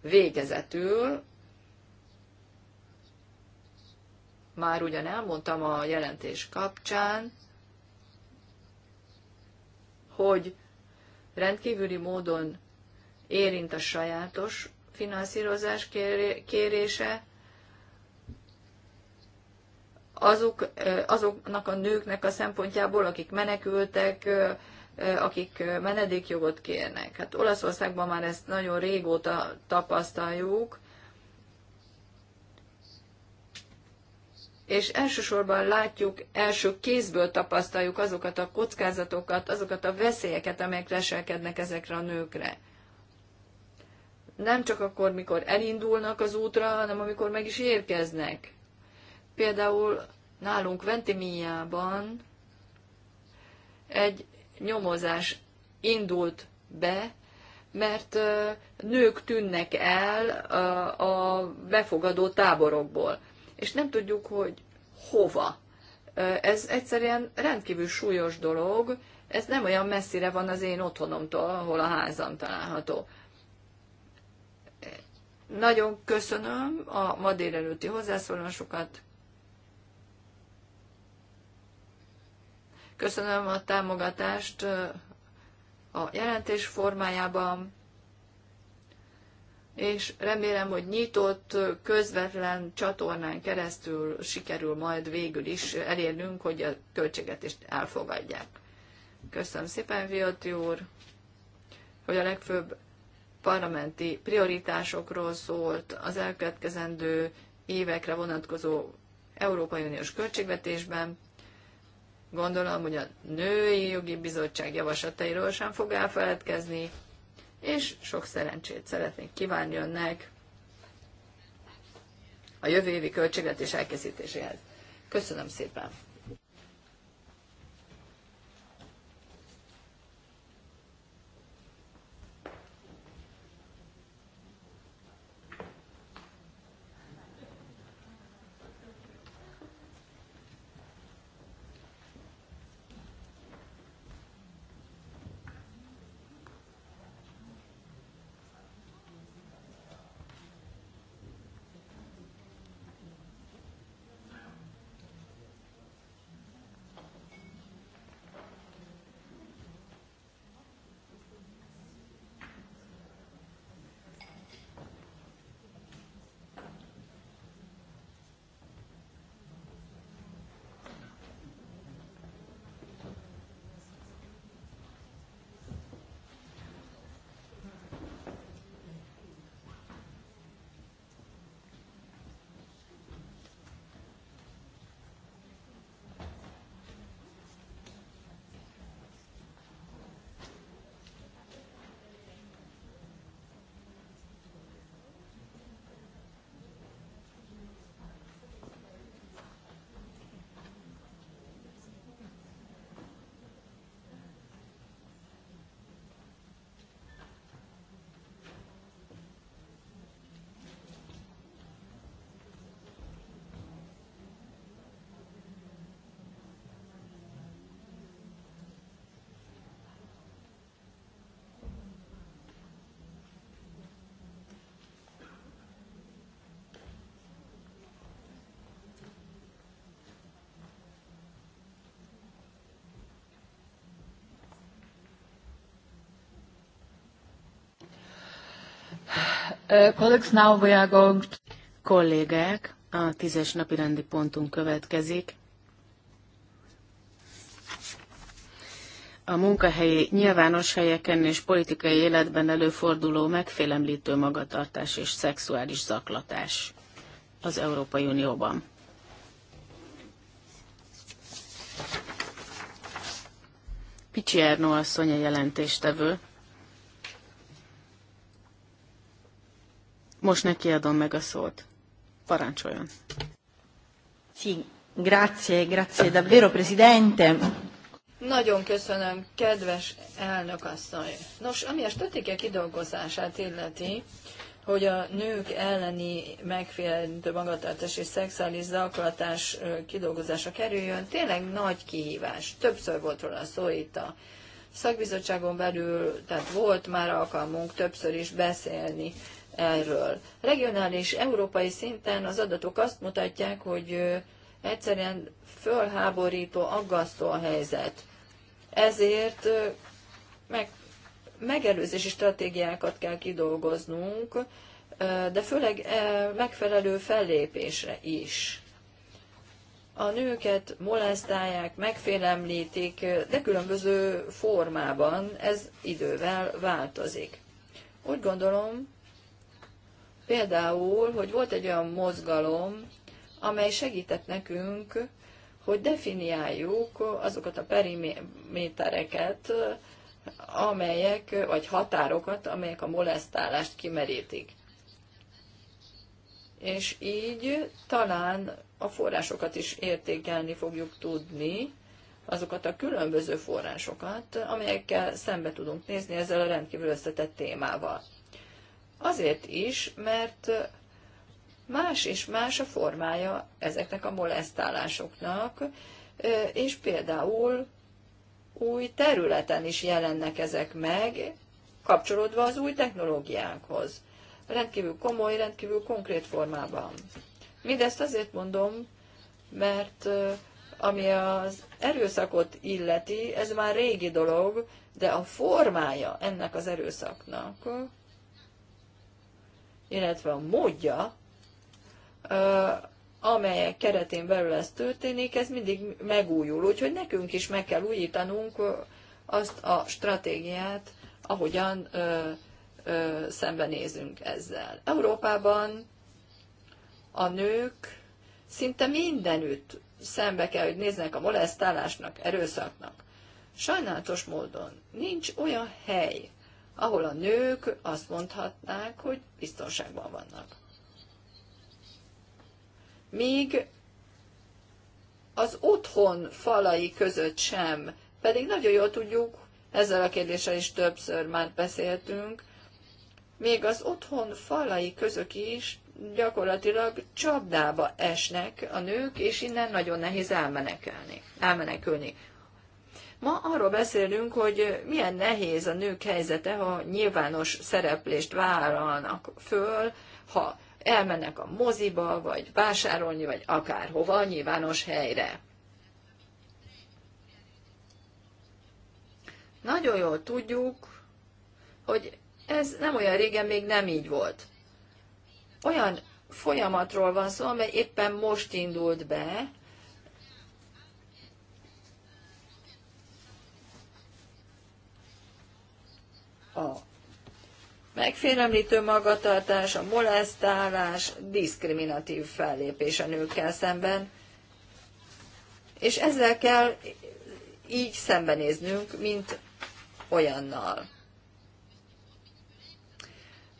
Végezetül, már ugyan elmondtam a jelentés kapcsán, hogy rendkívüli módon érint a sajátos finanszírozás kérése azok, azoknak a nőknek a szempontjából, akik menekültek, akik menedékjogot kérnek. Hát Olaszországban már ezt nagyon régóta tapasztaljuk, és elsősorban látjuk, első kézből tapasztaljuk azokat a kockázatokat, azokat a veszélyeket, amelyek leselkednek ezekre a nőkre. Nem csak akkor, mikor elindulnak az útra, hanem amikor meg is érkeznek. Például nálunk Ventimiában egy nyomozás indult be, mert nők tűnnek el a befogadó táborokból, és nem tudjuk, hogy hova. Ez egyszerűen rendkívül súlyos dolog, ez nem olyan messzire van az én otthonomtól, ahol a házam található. Nagyon köszönöm a ma délelőtti hozzászólásokat, Köszönöm a támogatást a jelentés formájában, és remélem, hogy nyitott, közvetlen csatornán keresztül sikerül majd végül is elérnünk, hogy a költségvetést elfogadják. Köszönöm szépen, Vioti úr, hogy a legfőbb parlamenti prioritásokról szólt az elkövetkezendő évekre vonatkozó Európai Uniós költségvetésben. Gondolom, hogy a Női Jogi Bizottság javaslatairól sem fog elfeledkezni, és sok szerencsét szeretnék kívánni önnek a jövő évi költségvetés elkészítéséhez. Köszönöm szépen! Uh, colleagues, now we are going to... Kollégák, a tízes napi rendi pontunk következik. A munkahelyi nyilvános helyeken és politikai életben előforduló megfélemlítő magatartás és szexuális zaklatás az Európai Unióban. Picsi Ernó asszony a jelentéstevő. Most neki adom meg a szót. Parancsoljon. Sí, grazie, grazie davvero, presidente. Nagyon köszönöm, kedves elnök asszony. Nos, ami a statike kidolgozását illeti, hogy a nők elleni megfélemlítő magatartás és szexuális zaklatás kidolgozása kerüljön, tényleg nagy kihívás. Többször volt róla szó itt a szakbizottságon belül, tehát volt már alkalmunk többször is beszélni erről. Regionális, európai szinten az adatok azt mutatják, hogy egyszerűen fölháborító, aggasztó a helyzet. Ezért meg, megelőzési stratégiákat kell kidolgoznunk, de főleg megfelelő fellépésre is. A nőket molesztálják, megfélemlítik, de különböző formában ez idővel változik. Úgy gondolom, Például, hogy volt egy olyan mozgalom, amely segített nekünk, hogy definiáljuk azokat a perimétereket, amelyek, vagy határokat, amelyek a molesztálást kimerítik. És így talán a forrásokat is értékelni fogjuk tudni, azokat a különböző forrásokat, amelyekkel szembe tudunk nézni ezzel a rendkívül összetett témával. Azért is, mert más és más a formája ezeknek a molesztálásoknak, és például új területen is jelennek ezek meg, kapcsolódva az új technológiánkhoz. Rendkívül komoly, rendkívül konkrét formában. Mindezt azért mondom, mert ami az erőszakot illeti, ez már régi dolog, de a formája ennek az erőszaknak illetve a módja, amelyek keretén belül ez történik, ez mindig megújul. Úgyhogy nekünk is meg kell újítanunk azt a stratégiát, ahogyan ö, ö, szembenézünk ezzel. Európában a nők szinte mindenütt szembe kell, hogy néznek a molesztálásnak, erőszaknak. Sajnálatos módon nincs olyan hely, ahol a nők azt mondhatnák, hogy biztonságban vannak. Míg az otthon falai között sem, pedig nagyon jól tudjuk, ezzel a kérdéssel is többször már beszéltünk, még az otthon falai közök is gyakorlatilag csapdába esnek a nők, és innen nagyon nehéz elmenekülni. elmenekülni. Ma arról beszélünk, hogy milyen nehéz a nők helyzete, ha nyilvános szereplést vállalnak föl, ha elmennek a moziba, vagy vásárolni, vagy akárhova, nyilvános helyre. Nagyon jól tudjuk, hogy ez nem olyan régen még nem így volt. Olyan folyamatról van szó, amely éppen most indult be, a megfélemlítő magatartás, a molesztálás, diszkriminatív fellépés a nőkkel szemben, és ezzel kell így szembenéznünk, mint olyannal.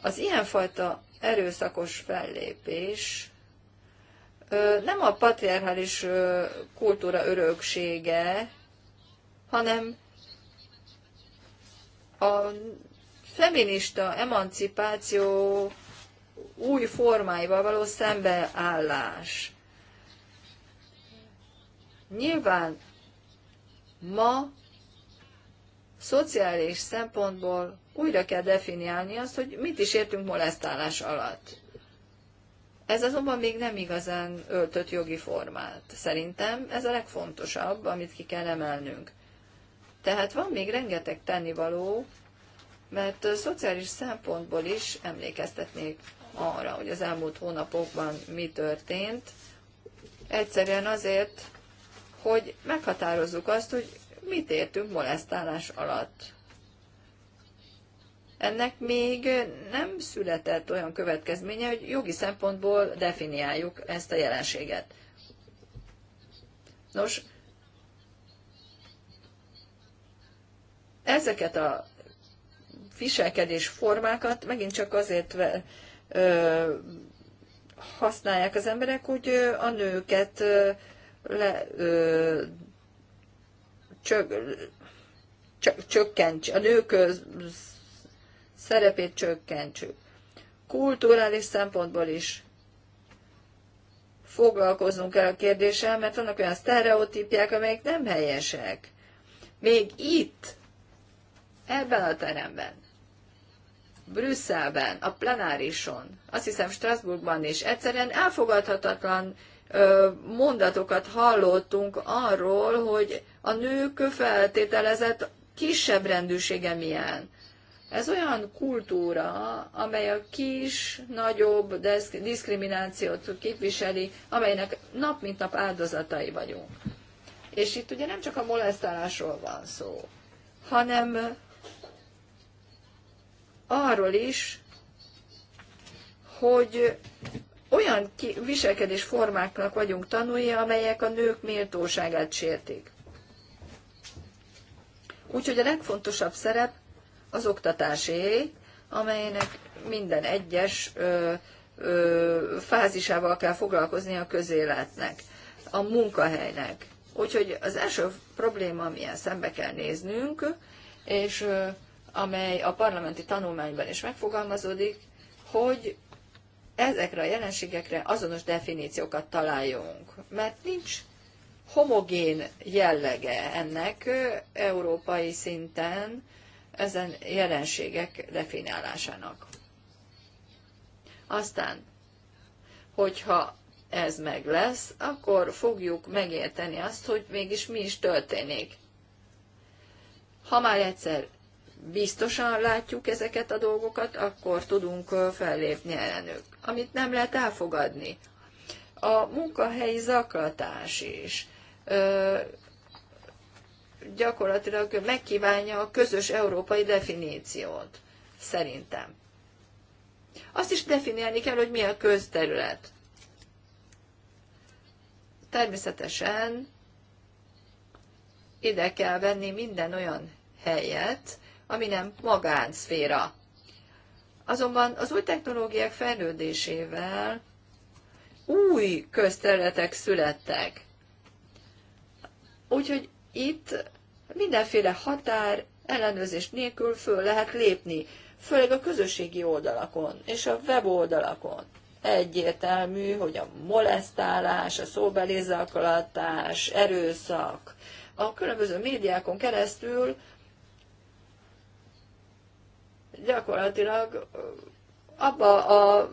Az ilyenfajta erőszakos fellépés nem a patriarchális kultúra öröksége, hanem a feminista emancipáció új formáival való szembeállás. Nyilván ma szociális szempontból újra kell definiálni azt, hogy mit is értünk molesztálás alatt. Ez azonban még nem igazán öltött jogi formát. Szerintem ez a legfontosabb, amit ki kell emelnünk. Tehát van még rengeteg tennivaló, mert szociális szempontból is emlékeztetnék arra, hogy az elmúlt hónapokban mi történt. Egyszerűen azért, hogy meghatározzuk azt, hogy mit értünk molesztálás alatt. Ennek még nem született olyan következménye, hogy jogi szempontból definiáljuk ezt a jelenséget. Nos, ezeket a viselkedés formákat megint csak azért ö, használják az emberek, hogy a nőket le, ö, csög, csök, csökkents, a nők szerepét csökkentsük. Kulturális szempontból is foglalkozunk el a kérdéssel, mert vannak olyan sztereotípiák, amelyek nem helyesek. Még itt ebben a teremben, Brüsszelben, a plenárison, azt hiszem Strasbourgban is, egyszerűen elfogadhatatlan mondatokat hallottunk arról, hogy a nők feltételezett kisebb rendűsége milyen. Ez olyan kultúra, amely a kis, nagyobb diszkriminációt képviseli, amelynek nap mint nap áldozatai vagyunk. És itt ugye nem csak a molesztálásról van szó, hanem arról is, hogy olyan viselkedésformáknak vagyunk tanulja, amelyek a nők méltóságát sértik. Úgyhogy a legfontosabb szerep az oktatásé, amelynek minden egyes ö, ö, fázisával kell foglalkozni a közéletnek, a munkahelynek. Úgyhogy az első probléma, amilyen szembe kell néznünk, és amely a parlamenti tanulmányban is megfogalmazódik, hogy ezekre a jelenségekre azonos definíciókat találjunk, mert nincs homogén jellege ennek európai szinten ezen jelenségek definálásának. Aztán, hogyha ez meg lesz, akkor fogjuk megérteni azt, hogy mégis mi is történik. Ha már egyszer biztosan látjuk ezeket a dolgokat, akkor tudunk fellépni ellenük, amit nem lehet elfogadni. A munkahelyi zaklatás is gyakorlatilag megkívánja a közös európai definíciót, szerintem. Azt is definiálni kell, hogy mi a közterület. Természetesen ide kell venni minden olyan helyet, ami nem magánszféra. Azonban az új technológiák fejlődésével új közterületek születtek. Úgyhogy itt mindenféle határ, ellenőrzés nélkül föl lehet lépni, főleg a közösségi oldalakon és a weboldalakon. Egyértelmű, hogy a molesztálás, a szóbeli erőszak a különböző médiákon keresztül gyakorlatilag abba a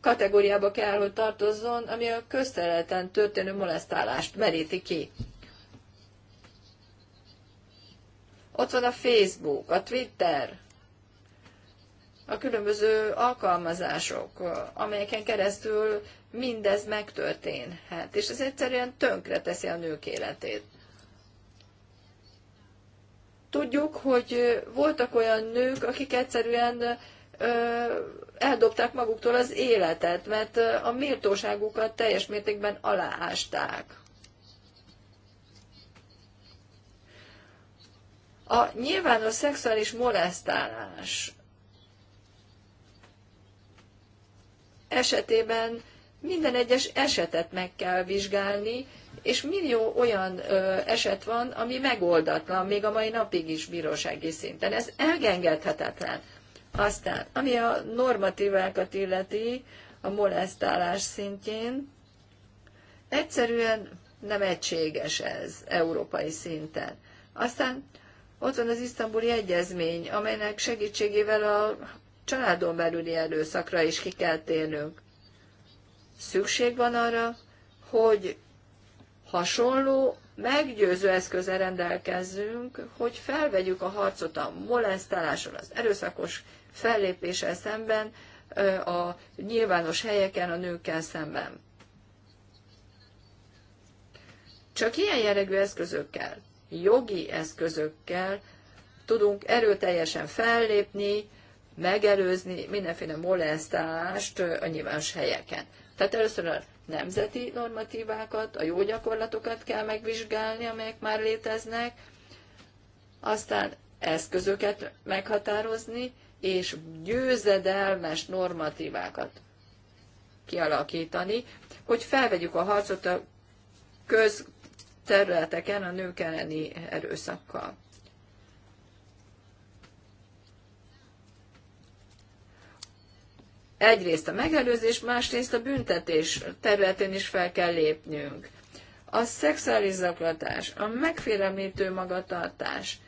kategóriába kell, hogy tartozzon, ami a közterületen történő molesztálást meríti ki. Ott van a Facebook, a Twitter, a különböző alkalmazások, amelyeken keresztül mindez megtörténhet, és ez egyszerűen tönkre teszi a nők életét. Tudjuk, hogy voltak olyan nők, akik egyszerűen eldobták maguktól az életet, mert a méltóságukat teljes mértékben aláásták. A nyilvános szexuális molesztálás esetében minden egyes esetet meg kell vizsgálni, és millió olyan eset van, ami megoldatlan, még a mai napig is bírósági szinten. Ez elgengedhetetlen. Aztán, ami a normatívákat illeti, a molesztálás szintjén, egyszerűen nem egységes ez európai szinten. Aztán ott van az isztambuli egyezmény, amelynek segítségével a családon belüli erőszakra is ki kell térnünk. Szükség van arra, hogy hasonló, meggyőző eszköze rendelkezzünk, hogy felvegyük a harcot a molesztálásról, az erőszakos fellépéssel szemben, a nyilvános helyeken a nőkkel szemben. Csak ilyen jellegű eszközökkel, jogi eszközökkel tudunk erőteljesen fellépni, megelőzni mindenféle molesztálást a nyilvános helyeken. Tehát először a nemzeti normatívákat, a jó gyakorlatokat kell megvizsgálni, amelyek már léteznek, aztán eszközöket meghatározni, és győzedelmes normatívákat kialakítani, hogy felvegyük a harcot a közterületeken a nők elleni erőszakkal. egyrészt a megelőzés, másrészt a büntetés területén is fel kell lépnünk. A szexuális zaklatás, a megfélemlítő magatartás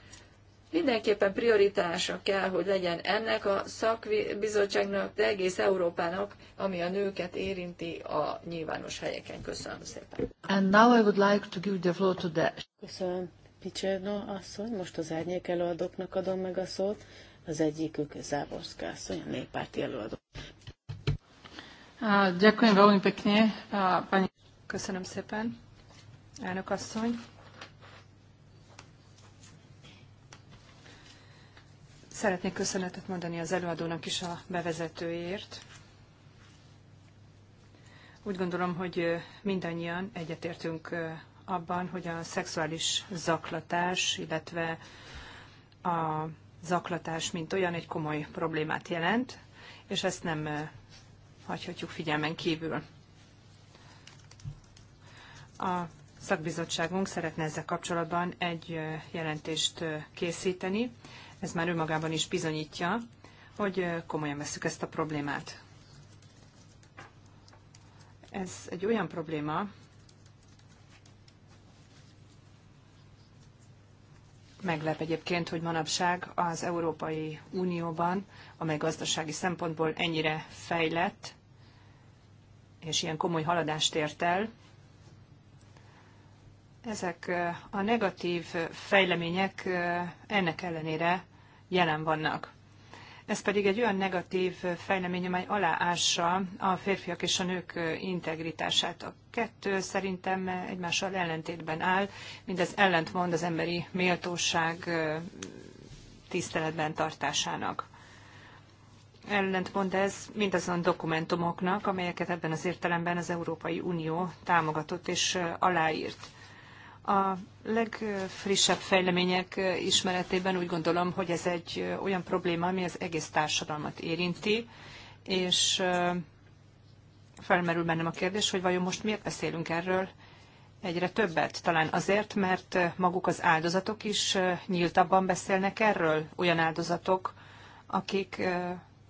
mindenképpen prioritása kell, hogy legyen ennek a szakbizottságnak, de egész Európának, ami a nőket érinti a nyilvános helyeken. Köszönöm szépen. And now I would like to give the floor to the... Köszönöm. Picserno asszony, most az árnyék előadóknak adom meg a szót az egyikük Záborszka asszony, a néppárti előadó. Ďakujem veľmi pekne, pani. Köszönöm szépen, elnök asszony. Szeretnék köszönetet mondani az előadónak is a bevezetőért. Úgy gondolom, hogy mindannyian egyetértünk abban, hogy a szexuális zaklatás, illetve a zaklatás, mint olyan, egy komoly problémát jelent, és ezt nem hagyhatjuk figyelmen kívül. A szakbizottságunk szeretne ezzel kapcsolatban egy jelentést készíteni. Ez már önmagában is bizonyítja, hogy komolyan veszük ezt a problémát. Ez egy olyan probléma, meglep egyébként, hogy manapság az Európai Unióban, amely gazdasági szempontból ennyire fejlett, és ilyen komoly haladást ért el. Ezek a negatív fejlemények ennek ellenére jelen vannak. Ez pedig egy olyan negatív fejlemény, amely aláássa a férfiak és a nők integritását. A kettő szerintem egymással ellentétben áll, mindez ellentmond az emberi méltóság tiszteletben tartásának ellentmond ez mindazon dokumentumoknak, amelyeket ebben az értelemben az Európai Unió támogatott és aláírt. A legfrissebb fejlemények ismeretében úgy gondolom, hogy ez egy olyan probléma, ami az egész társadalmat érinti, és felmerül bennem a kérdés, hogy vajon most miért beszélünk erről egyre többet? Talán azért, mert maguk az áldozatok is nyíltabban beszélnek erről, olyan áldozatok, akik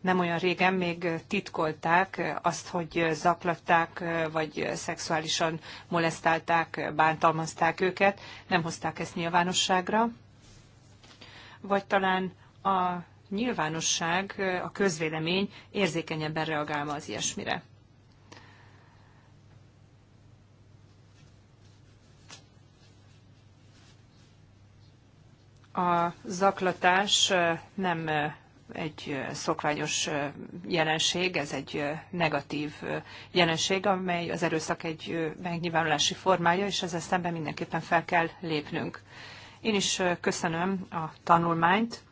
nem olyan régen még titkolták azt, hogy zaklatták, vagy szexuálisan molesztálták, bántalmazták őket, nem hozták ezt nyilvánosságra. Vagy talán a nyilvánosság, a közvélemény érzékenyebben reagál az ilyesmire. A zaklatás nem egy szokványos jelenség, ez egy negatív jelenség, amely az erőszak egy megnyilvánulási formája, és ezzel szemben mindenképpen fel kell lépnünk. Én is köszönöm a tanulmányt,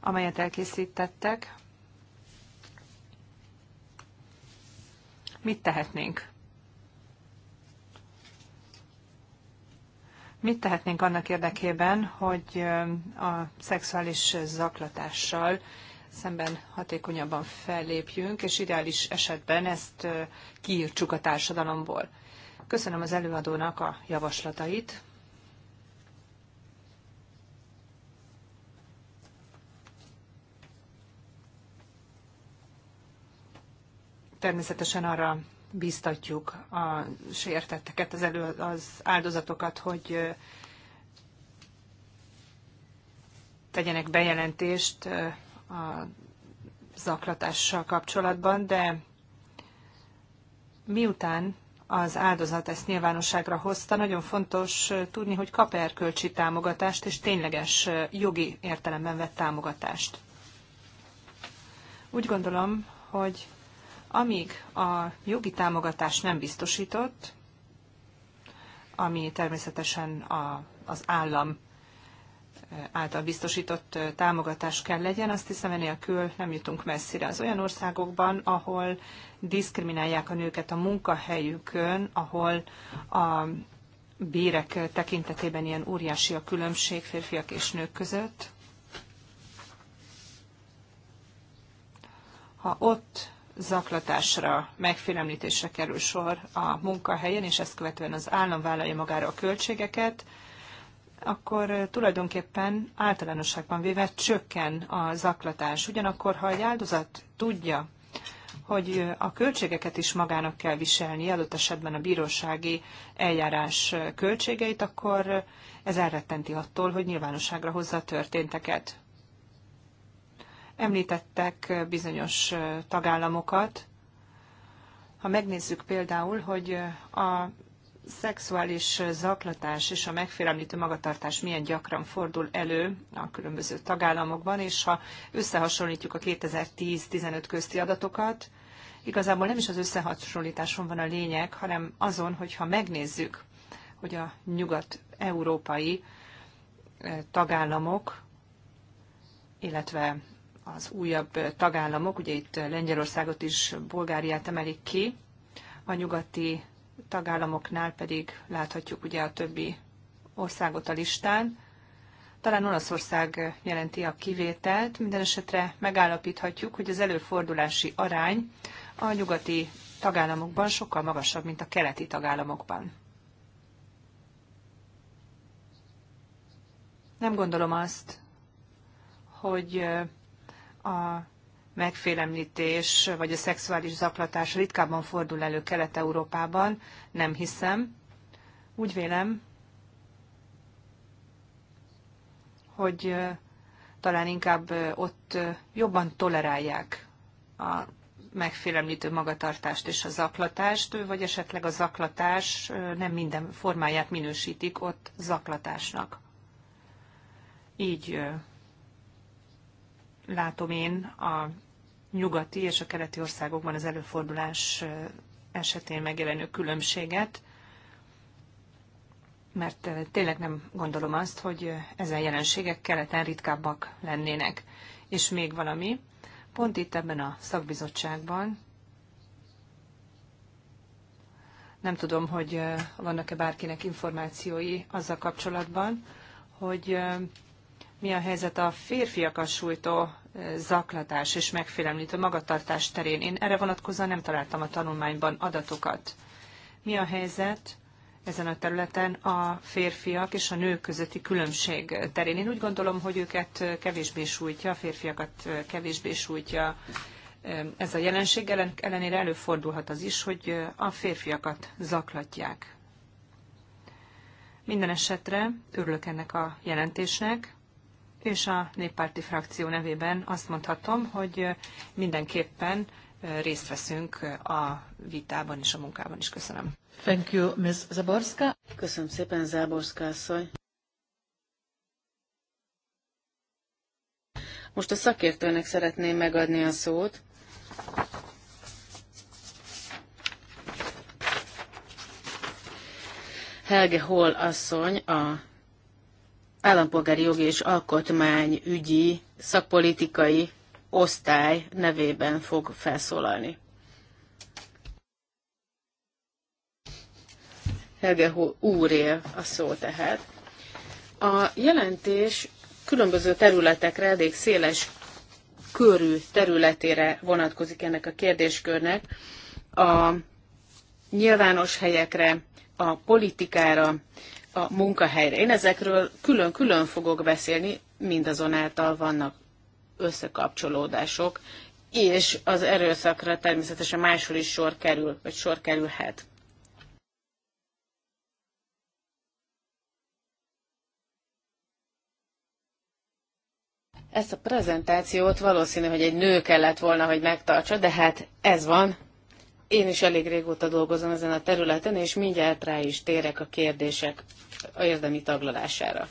amelyet elkészítettek. Mit tehetnénk? Mit tehetnénk annak érdekében, hogy a szexuális zaklatással szemben hatékonyabban fellépjünk, és ideális esetben ezt kiírtsuk a társadalomból. Köszönöm az előadónak a javaslatait. Természetesen arra bíztatjuk a sértetteket, az, elő, az áldozatokat, hogy tegyenek bejelentést a zaklatással kapcsolatban, de miután az áldozat ezt nyilvánosságra hozta, nagyon fontos tudni, hogy kap -e erkölcsi támogatást és tényleges jogi értelemben vett támogatást. Úgy gondolom, hogy amíg a jogi támogatás nem biztosított, ami természetesen a, az állam által biztosított támogatás kell legyen. Azt hiszem, enélkül nem jutunk messzire. Az olyan országokban, ahol diszkriminálják a nőket a munkahelyükön, ahol a bérek tekintetében ilyen óriási a különbség férfiak és nők között. Ha ott zaklatásra, megfélemlítésre kerül sor a munkahelyen, és ezt követően az állam vállalja magára a költségeket, akkor tulajdonképpen általánosságban véve csökken a zaklatás. Ugyanakkor, ha egy áldozat tudja, hogy a költségeket is magának kell viselni, adott esetben a bírósági eljárás költségeit, akkor ez elrettenti attól, hogy nyilvánosságra hozza a történteket. Említettek bizonyos tagállamokat. Ha megnézzük például, hogy a szexuális zaklatás és a megfélemlítő magatartás milyen gyakran fordul elő a különböző tagállamokban, és ha összehasonlítjuk a 2010-15 közti adatokat, igazából nem is az összehasonlításon van a lényeg, hanem azon, hogyha megnézzük, hogy a nyugat-európai eh, tagállamok, illetve az újabb tagállamok, ugye itt Lengyelországot is, Bulgáriát emelik ki, a nyugati tagállamoknál pedig láthatjuk ugye a többi országot a listán. Talán Olaszország jelenti a kivételt, minden esetre megállapíthatjuk, hogy az előfordulási arány a nyugati tagállamokban sokkal magasabb, mint a keleti tagállamokban. Nem gondolom azt, hogy a megfélemlítés vagy a szexuális zaklatás ritkábban fordul elő Kelet-Európában, nem hiszem. Úgy vélem, hogy talán inkább ott jobban tolerálják a megfélemlítő magatartást és a zaklatást, vagy esetleg a zaklatás nem minden formáját minősítik ott zaklatásnak. Így látom én a nyugati és a keleti országokban az előfordulás esetén megjelenő különbséget, mert tényleg nem gondolom azt, hogy ezen jelenségek keleten ritkábbak lennének. És még valami, pont itt ebben a szakbizottságban, nem tudom, hogy vannak-e bárkinek információi azzal kapcsolatban, hogy mi a helyzet a férfiakat sújtó zaklatás és megfélemlítő magatartás terén. Én erre vonatkozóan nem találtam a tanulmányban adatokat. Mi a helyzet ezen a területen a férfiak és a nők közötti különbség terén? Én úgy gondolom, hogy őket kevésbé sújtja, a férfiakat kevésbé sújtja ez a jelenség ellenére előfordulhat az is, hogy a férfiakat zaklatják. Minden esetre örülök ennek a jelentésnek, és a néppárti frakció nevében azt mondhatom, hogy mindenképpen részt veszünk a vitában és a munkában is. Köszönöm. Thank you, Ms. Zaborska. Köszönöm szépen, Zaborska asszony. Most a szakértőnek szeretném megadni a szót. Helge Hol asszony a állampolgári jogi és alkotmányügyi szakpolitikai osztály nevében fog felszólalni. Helge úrél a szó tehát. A jelentés különböző területekre, elég széles körű területére vonatkozik ennek a kérdéskörnek. A nyilvános helyekre, a politikára, a munkahelyre. Én ezekről külön-külön fogok beszélni, mindazonáltal vannak összekapcsolódások, és az erőszakra természetesen máshol is sor kerül, vagy sor kerülhet. Ezt a prezentációt valószínű, hogy egy nő kellett volna, hogy megtartsa, de hát ez van, én is elég régóta dolgozom ezen a területen, és mindjárt rá is térek a kérdések a érdemi taglalására.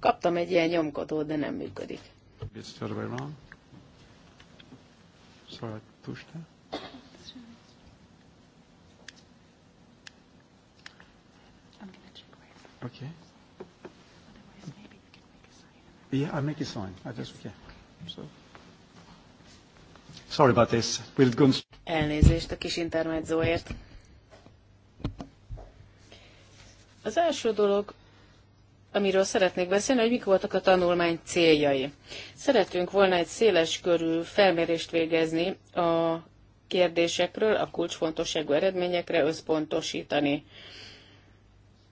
Kaptam egy ilyen nyomkodót, de nem működik. push Okay. Yeah, I make a sign. I just, yeah. So. Sorry about this. We'll go... Elnézést a kis intermedzóért. Az első dolog, amiről szeretnék beszélni, hogy mik voltak a tanulmány céljai. Szeretünk volna egy széles körű felmérést végezni a kérdésekről, a kulcsfontosságú eredményekre összpontosítani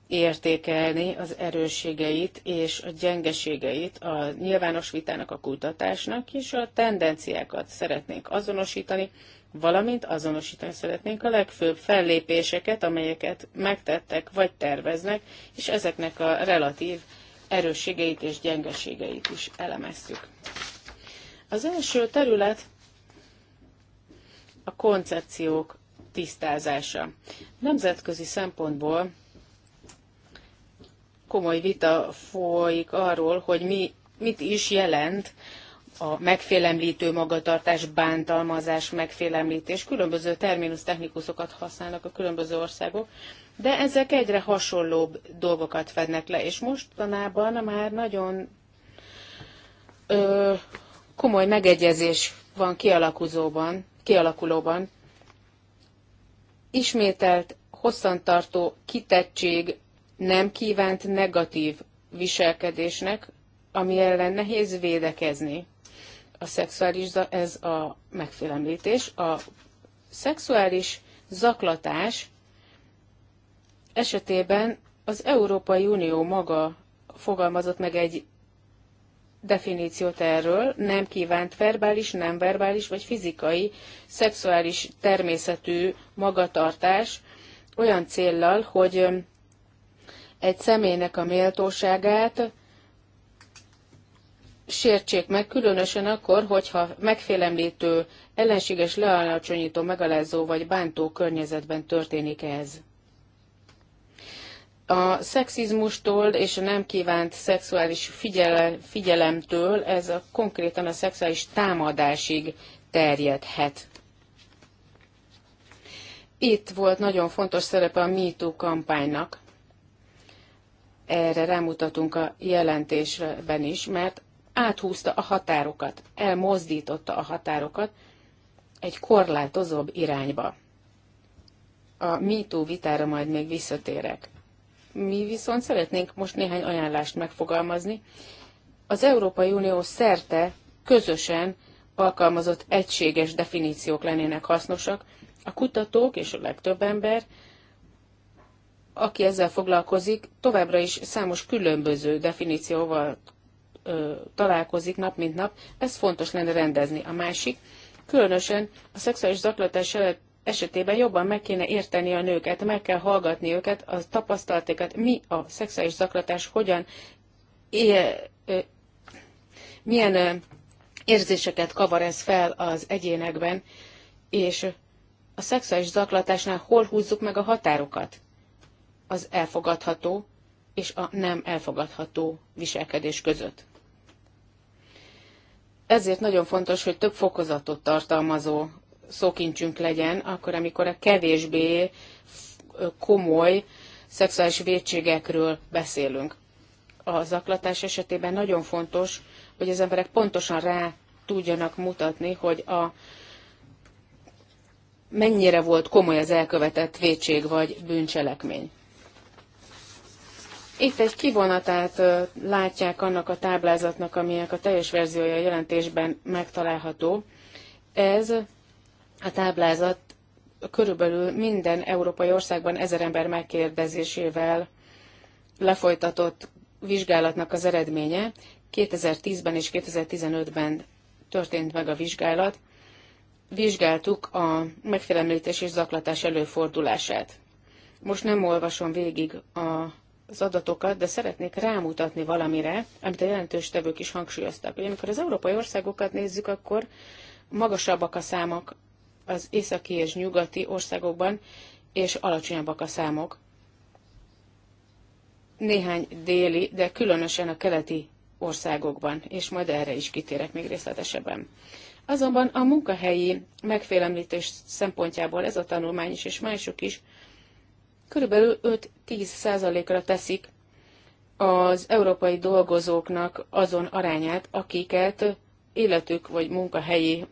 értékelni az erősségeit és a gyengeségeit a nyilvános vitának, a kutatásnak, és a tendenciákat szeretnénk azonosítani, valamint azonosítani szeretnénk a legfőbb fellépéseket, amelyeket megtettek vagy terveznek, és ezeknek a relatív erősségeit és gyengeségeit is elemeztük. Az első terület a koncepciók tisztázása. Nemzetközi szempontból komoly vita folyik arról, hogy mi, mit is jelent a megfélemlítő magatartás, bántalmazás, megfélemlítés. Különböző terminus technikusokat használnak a különböző országok, de ezek egyre hasonlóbb dolgokat fednek le, és mostanában már nagyon ö, komoly megegyezés van kialakulóban, kialakulóban. Ismételt hosszantartó kitettség nem kívánt negatív viselkedésnek, ami ellen nehéz védekezni. A szexuális, ez a megfélemlítés, a szexuális zaklatás esetében az Európai Unió maga fogalmazott meg egy definíciót erről, nem kívánt verbális, nem verbális vagy fizikai, szexuális természetű magatartás olyan céllal, hogy egy személynek a méltóságát sértsék meg, különösen akkor, hogyha megfélemlítő, ellenséges, lealacsonyító, megalázó vagy bántó környezetben történik ez. A szexizmustól és a nem kívánt szexuális figyele, figyelemtől ez a, konkrétan a szexuális támadásig terjedhet. Itt volt nagyon fontos szerepe a MeToo kampánynak erre rámutatunk a jelentésben is, mert áthúzta a határokat, elmozdította a határokat egy korlátozóbb irányba. A MeToo vitára majd még visszatérek. Mi viszont szeretnénk most néhány ajánlást megfogalmazni. Az Európai Unió szerte közösen alkalmazott egységes definíciók lennének hasznosak, a kutatók és a legtöbb ember aki ezzel foglalkozik, továbbra is számos különböző definícióval ö, találkozik nap mint nap, ez fontos lenne rendezni. A másik, különösen a szexuális zaklatás esetében jobban meg kéne érteni a nőket, meg kell hallgatni őket, a tapasztalatékat, mi a szexuális zaklatás, hogyan, é, ö, milyen ö, érzéseket kavar ez fel az egyénekben, és a szexuális zaklatásnál hol húzzuk meg a határokat az elfogadható és a nem elfogadható viselkedés között. Ezért nagyon fontos, hogy több fokozatot tartalmazó szókincsünk legyen, akkor, amikor a kevésbé komoly szexuális vétségekről beszélünk. A zaklatás esetében nagyon fontos, hogy az emberek pontosan rá tudjanak mutatni, hogy a mennyire volt komoly az elkövetett vétség vagy bűncselekmény. Itt egy kivonatát látják annak a táblázatnak, aminek a teljes verziója a jelentésben megtalálható. Ez a táblázat körülbelül minden európai országban ezer ember megkérdezésével lefolytatott vizsgálatnak az eredménye. 2010-ben és 2015-ben történt meg a vizsgálat. Vizsgáltuk a megfélemlítés és zaklatás előfordulását. Most nem olvasom végig a az adatokat, de szeretnék rámutatni valamire, amit a jelentős tevők is hangsúlyoztak. Ugye, amikor az európai országokat nézzük, akkor magasabbak a számok az északi és nyugati országokban, és alacsonyabbak a számok. Néhány déli, de különösen a keleti országokban, és majd erre is kitérek még részletesebben. Azonban a munkahelyi megfélemlítés szempontjából ez a tanulmány is, és mások is körülbelül 5-10 százalékra teszik az európai dolgozóknak azon arányát, akiket életük vagy munkahelyi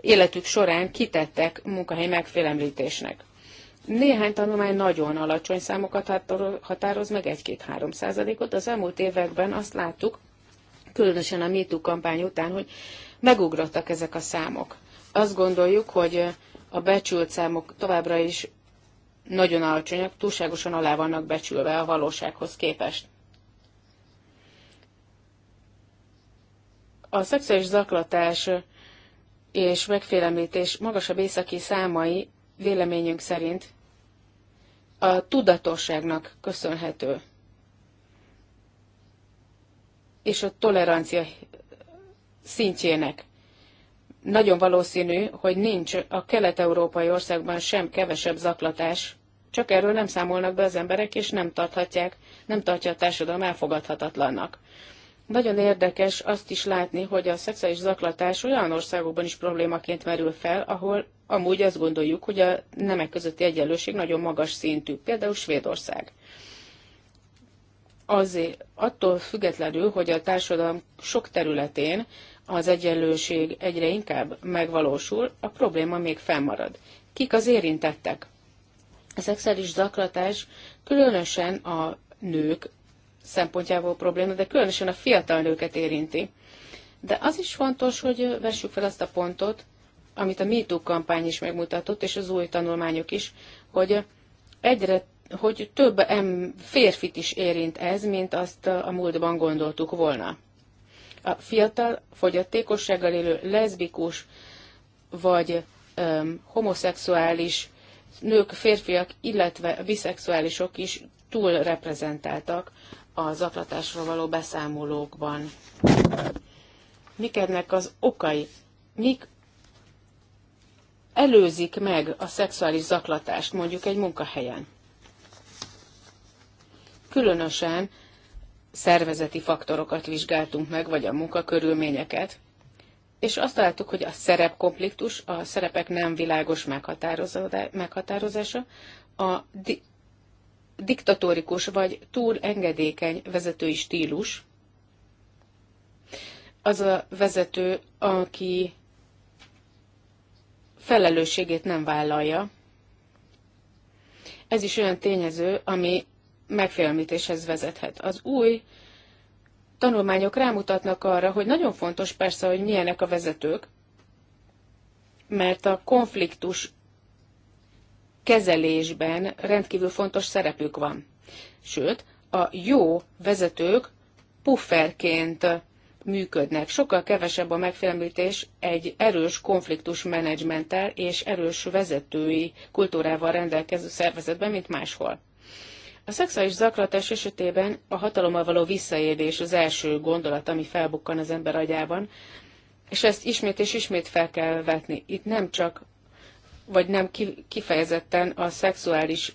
életük során kitettek munkahely megfélemlítésnek. Néhány tanulmány nagyon alacsony számokat határoz meg, 1-2-3 százalékot. Az elmúlt években azt láttuk, különösen a MeToo kampány után, hogy megugrottak ezek a számok. Azt gondoljuk, hogy a becsült számok továbbra is nagyon alacsonyak, túlságosan alá vannak becsülve a valósághoz képest. A szexuális zaklatás és megfélemlítés magasabb északi számai véleményünk szerint a tudatosságnak köszönhető, és a tolerancia szintjének nagyon valószínű, hogy nincs a kelet-európai országban sem kevesebb zaklatás, csak erről nem számolnak be az emberek, és nem tarthatják, nem tartja a társadalom elfogadhatatlannak. Nagyon érdekes azt is látni, hogy a szexuális zaklatás olyan országokban is problémaként merül fel, ahol amúgy azt gondoljuk, hogy a nemek közötti egyenlőség nagyon magas szintű, például Svédország. Azért attól függetlenül, hogy a társadalom sok területén az egyenlőség egyre inkább megvalósul, a probléma még fennmarad. Kik az érintettek? A szexuális zaklatás különösen a nők szempontjából probléma, de különösen a fiatal nőket érinti. De az is fontos, hogy vessük fel azt a pontot, amit a MeToo kampány is megmutatott, és az új tanulmányok is, hogy egyre hogy több férfit is érint ez, mint azt a múltban gondoltuk volna a fiatal, fogyatékossággal élő leszbikus vagy um, homoszexuális nők, férfiak, illetve biszexuálisok is túl reprezentáltak a zaklatásról való beszámolókban. Mik ennek az okai? Mik előzik meg a szexuális zaklatást mondjuk egy munkahelyen? Különösen szervezeti faktorokat vizsgáltunk meg, vagy a munkakörülményeket, és azt találtuk, hogy a szerepkonfliktus, a szerepek nem világos meghatározása, a di- diktatórikus vagy túl engedékeny vezetői stílus, az a vezető, aki felelősségét nem vállalja. Ez is olyan tényező, ami megfélemlítéshez vezethet. Az új tanulmányok rámutatnak arra, hogy nagyon fontos persze, hogy milyenek a vezetők, mert a konfliktus kezelésben rendkívül fontos szerepük van. Sőt, a jó vezetők pufferként működnek. Sokkal kevesebb a megfélemlítés egy erős konfliktus menedzsmenttel és erős vezetői kultúrával rendelkező szervezetben, mint máshol. A szexuális zaklatás esetében a hatalommal való visszaélés az első gondolat, ami felbukkan az ember agyában, és ezt ismét és ismét fel kell vetni. Itt nem csak, vagy nem kifejezetten a szexuális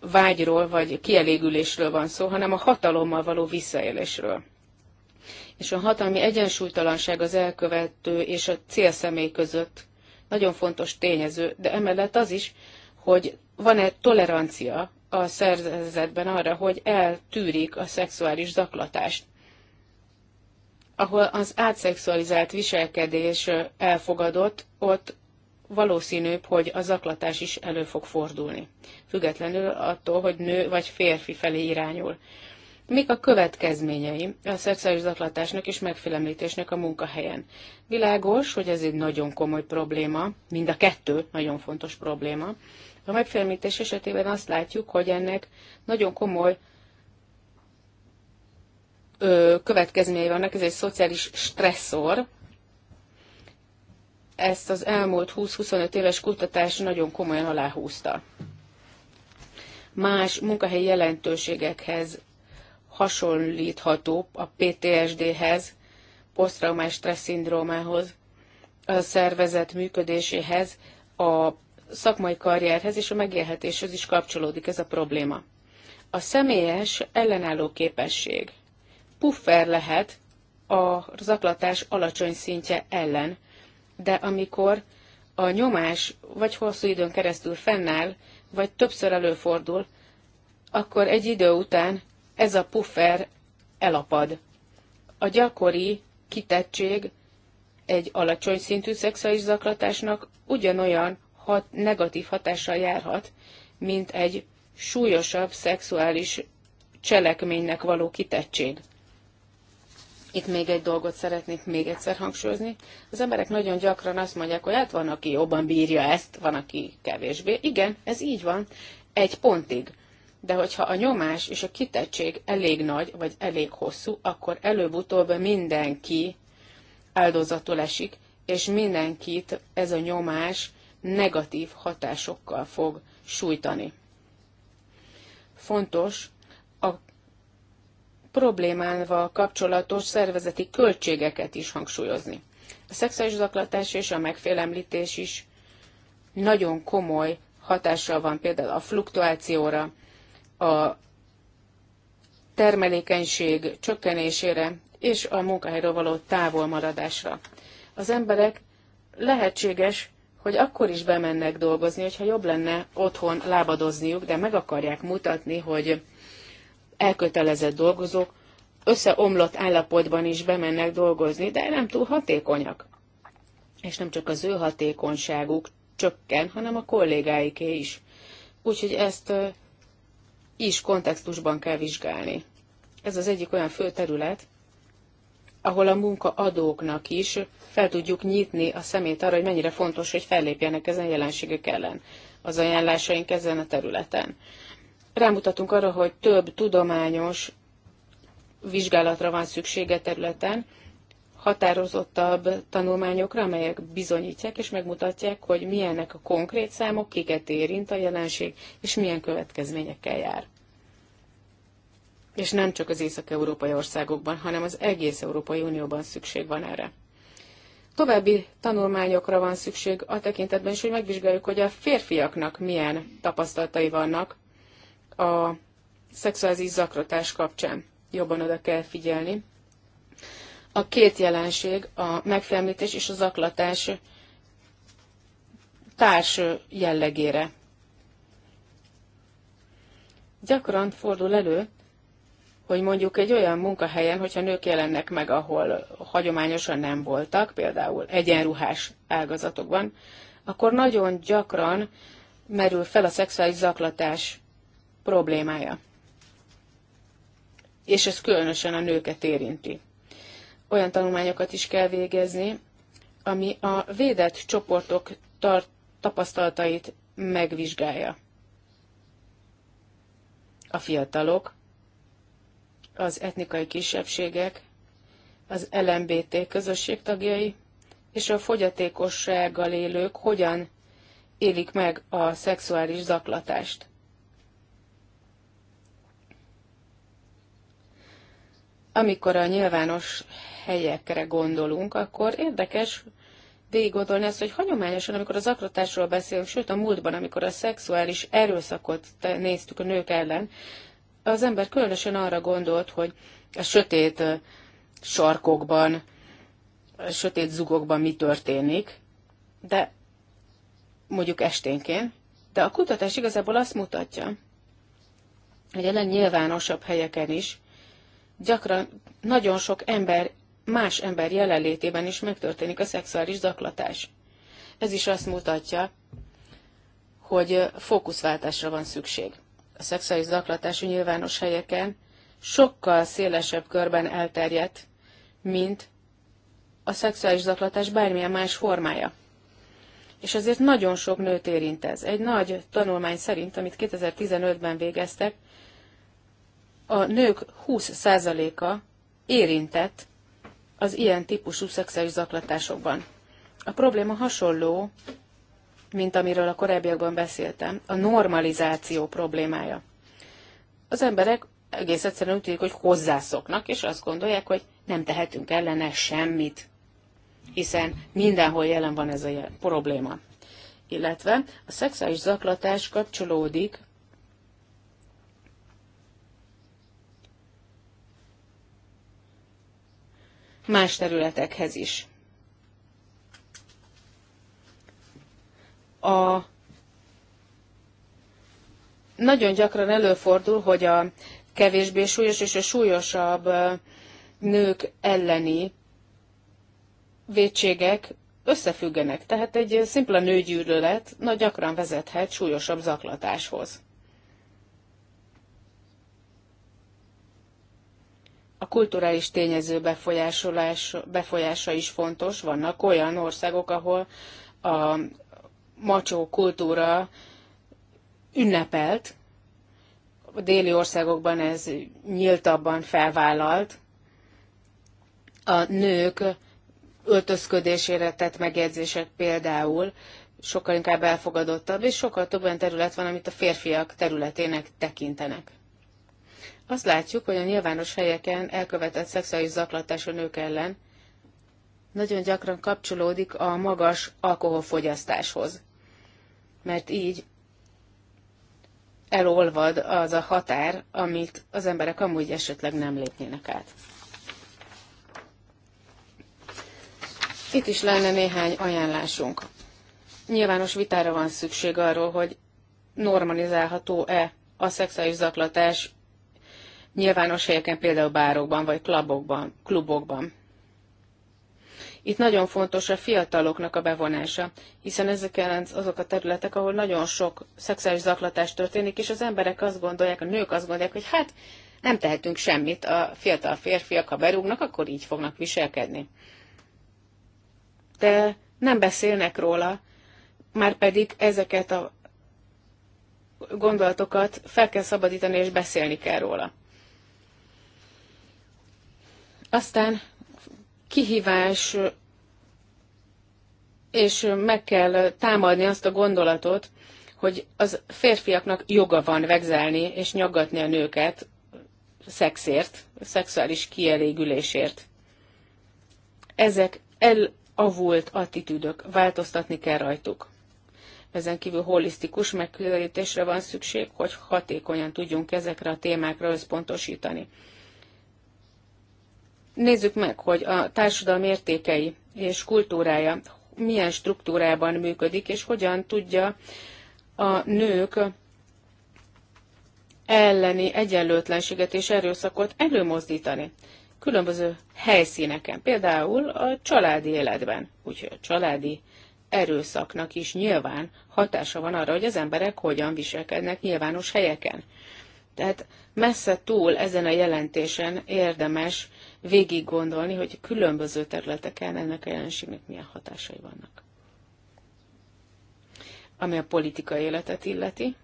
vágyról vagy kielégülésről van szó, hanem a hatalommal való visszaélésről. És a hatalmi egyensúlytalanság az elkövető és a célszemély között nagyon fontos tényező, de emellett az is, hogy van-e tolerancia a szervezetben arra, hogy eltűrik a szexuális zaklatást, ahol az átszexualizált viselkedés elfogadott, ott valószínűbb, hogy a zaklatás is elő fog fordulni, függetlenül attól, hogy nő vagy férfi felé irányul. Mik a következményei a szexuális zaklatásnak és megfélemlítésnek a munkahelyen? Világos, hogy ez egy nagyon komoly probléma, mind a kettő nagyon fontos probléma, a megfélemlítés esetében azt látjuk, hogy ennek nagyon komoly következményei vannak, ez egy szociális stresszor. Ezt az elmúlt 20-25 éves kutatás nagyon komolyan aláhúzta. Más munkahelyi jelentőségekhez hasonlítható a PTSD-hez, posztraumás stressz szindrómához, a szervezet működéséhez, a szakmai karrierhez és a megélhetéshez is kapcsolódik ez a probléma. A személyes ellenálló képesség puffer lehet a zaklatás alacsony szintje ellen, de amikor a nyomás vagy hosszú időn keresztül fennáll, vagy többször előfordul, akkor egy idő után ez a puffer elapad. A gyakori kitettség egy alacsony szintű szexuális zaklatásnak ugyanolyan hat, negatív hatással járhat, mint egy súlyosabb szexuális cselekménynek való kitettség. Itt még egy dolgot szeretnék még egyszer hangsúlyozni. Az emberek nagyon gyakran azt mondják, hogy hát van, aki jobban bírja ezt, van, aki kevésbé. Igen, ez így van, egy pontig. De hogyha a nyomás és a kitettség elég nagy, vagy elég hosszú, akkor előbb-utóbb mindenki áldozatul esik, és mindenkit ez a nyomás negatív hatásokkal fog sújtani. Fontos a problémával kapcsolatos szervezeti költségeket is hangsúlyozni. A szexuális zaklatás és a megfélemlítés is nagyon komoly hatással van például a fluktuációra, a termelékenység csökkenésére és a munkahelyről való távolmaradásra. Az emberek lehetséges hogy akkor is bemennek dolgozni, hogyha jobb lenne otthon lábadozniuk, de meg akarják mutatni, hogy elkötelezett dolgozók összeomlott állapotban is bemennek dolgozni, de nem túl hatékonyak. És nem csak az ő hatékonyságuk csökken, hanem a kollégáiké is. Úgyhogy ezt is kontextusban kell vizsgálni. Ez az egyik olyan fő terület, ahol a munkaadóknak is fel tudjuk nyitni a szemét arra, hogy mennyire fontos, hogy fellépjenek ezen jelenségek ellen az ajánlásaink ezen a területen. Rámutatunk arra, hogy több tudományos vizsgálatra van szüksége területen, határozottabb tanulmányokra, amelyek bizonyítják és megmutatják, hogy milyenek a konkrét számok, kiket érint a jelenség, és milyen következményekkel jár és nem csak az észak-európai országokban, hanem az egész Európai Unióban szükség van erre. További tanulmányokra van szükség a tekintetben is, hogy megvizsgáljuk, hogy a férfiaknak milyen tapasztalatai vannak a szexuális zaklatás kapcsán. Jobban oda kell figyelni. A két jelenség, a megfélemlítés és a zaklatás társ jellegére. Gyakran fordul elő, hogy mondjuk egy olyan munkahelyen, hogyha nők jelennek meg, ahol hagyományosan nem voltak, például egyenruhás ágazatokban, akkor nagyon gyakran merül fel a szexuális zaklatás problémája. És ez különösen a nőket érinti. Olyan tanulmányokat is kell végezni, ami a védett csoportok tart, tapasztalatait megvizsgálja. A fiatalok az etnikai kisebbségek, az LMBT közösség tagjai és a fogyatékossággal élők hogyan élik meg a szexuális zaklatást. Amikor a nyilvános helyekre gondolunk, akkor érdekes végig gondolni ezt, hogy hagyományosan, amikor a zaklatásról beszélünk, sőt a múltban, amikor a szexuális erőszakot néztük a nők ellen, az ember különösen arra gondolt, hogy a sötét sarkokban, a sötét zugokban mi történik, de mondjuk esténként, de a kutatás igazából azt mutatja, hogy a legnyilvánosabb helyeken is gyakran nagyon sok ember, más ember jelenlétében is megtörténik a szexuális zaklatás. Ez is azt mutatja, hogy fókuszváltásra van szükség a szexuális zaklatás nyilvános helyeken sokkal szélesebb körben elterjedt, mint a szexuális zaklatás bármilyen más formája. És ezért nagyon sok nőt érint ez. Egy nagy tanulmány szerint, amit 2015-ben végeztek, a nők 20%-a érintett az ilyen típusú szexuális zaklatásokban. A probléma hasonló mint amiről a korábbiakban beszéltem, a normalizáció problémája. Az emberek egész egyszerűen úgy tűnik, hogy hozzászoknak, és azt gondolják, hogy nem tehetünk ellene semmit, hiszen mindenhol jelen van ez a probléma. Illetve a szexuális zaklatás kapcsolódik más területekhez is. a nagyon gyakran előfordul, hogy a kevésbé súlyos és a súlyosabb nők elleni vétségek összefüggenek, tehát egy szimpla nőgyűlölet nagy gyakran vezethet súlyosabb zaklatáshoz. A kulturális tényező befolyásolás, befolyása is fontos. Vannak olyan országok, ahol a macsó kultúra ünnepelt, a déli országokban ez nyíltabban felvállalt, a nők öltözködésére tett megjegyzések például sokkal inkább elfogadottabb, és sokkal több olyan terület van, amit a férfiak területének tekintenek. Azt látjuk, hogy a nyilvános helyeken elkövetett szexuális zaklatás a nők ellen nagyon gyakran kapcsolódik a magas alkoholfogyasztáshoz, mert így elolvad az a határ, amit az emberek amúgy esetleg nem lépnének át. Itt is lenne néhány ajánlásunk. Nyilvános vitára van szükség arról, hogy normalizálható-e a szexuális zaklatás nyilvános helyeken, például bárokban vagy klubokban. klubokban. Itt nagyon fontos a fiataloknak a bevonása, hiszen ezek azok a területek, ahol nagyon sok szexuális zaklatás történik, és az emberek azt gondolják, a nők azt gondolják, hogy hát nem tehetünk semmit, a fiatal férfiak, ha berúgnak, akkor így fognak viselkedni. De nem beszélnek róla, már pedig ezeket a gondolatokat fel kell szabadítani, és beszélni kell róla. Aztán kihívás, és meg kell támadni azt a gondolatot, hogy az férfiaknak joga van vegzelni és nyaggatni a nőket szexért, szexuális kielégülésért. Ezek elavult attitűdök, változtatni kell rajtuk. Ezen kívül holisztikus megközelítésre van szükség, hogy hatékonyan tudjunk ezekre a témákra összpontosítani. Nézzük meg, hogy a társadalom értékei és kultúrája milyen struktúrában működik, és hogyan tudja a nők elleni egyenlőtlenséget és erőszakot előmozdítani különböző helyszíneken, például a családi életben. Úgyhogy a családi erőszaknak is nyilván hatása van arra, hogy az emberek hogyan viselkednek nyilvános helyeken. Tehát messze túl ezen a jelentésen érdemes végig gondolni, hogy különböző területeken ennek a jelenségnek milyen hatásai vannak. Ami a politikai életet illeti,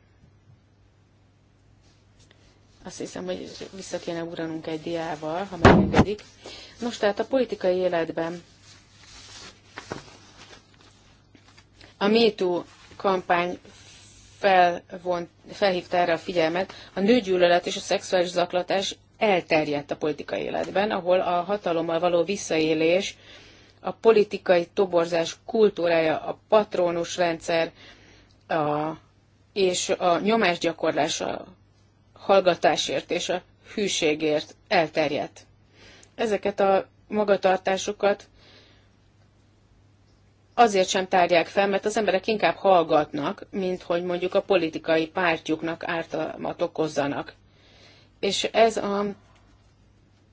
azt hiszem, hogy vissza kéne uranunk egy diával, ha megengedik. Nos, tehát a politikai életben a MeToo kampány felvont, felhívta erre a figyelmet, a nőgyűlölet és a szexuális zaklatás elterjedt a politikai életben, ahol a hatalommal való visszaélés, a politikai toborzás kultúrája, a patronus rendszer a, és a nyomásgyakorlás a hallgatásért és a hűségért elterjedt. Ezeket a magatartásokat azért sem tárják fel, mert az emberek inkább hallgatnak, mint hogy mondjuk a politikai pártjuknak ártalmat okozzanak és ez a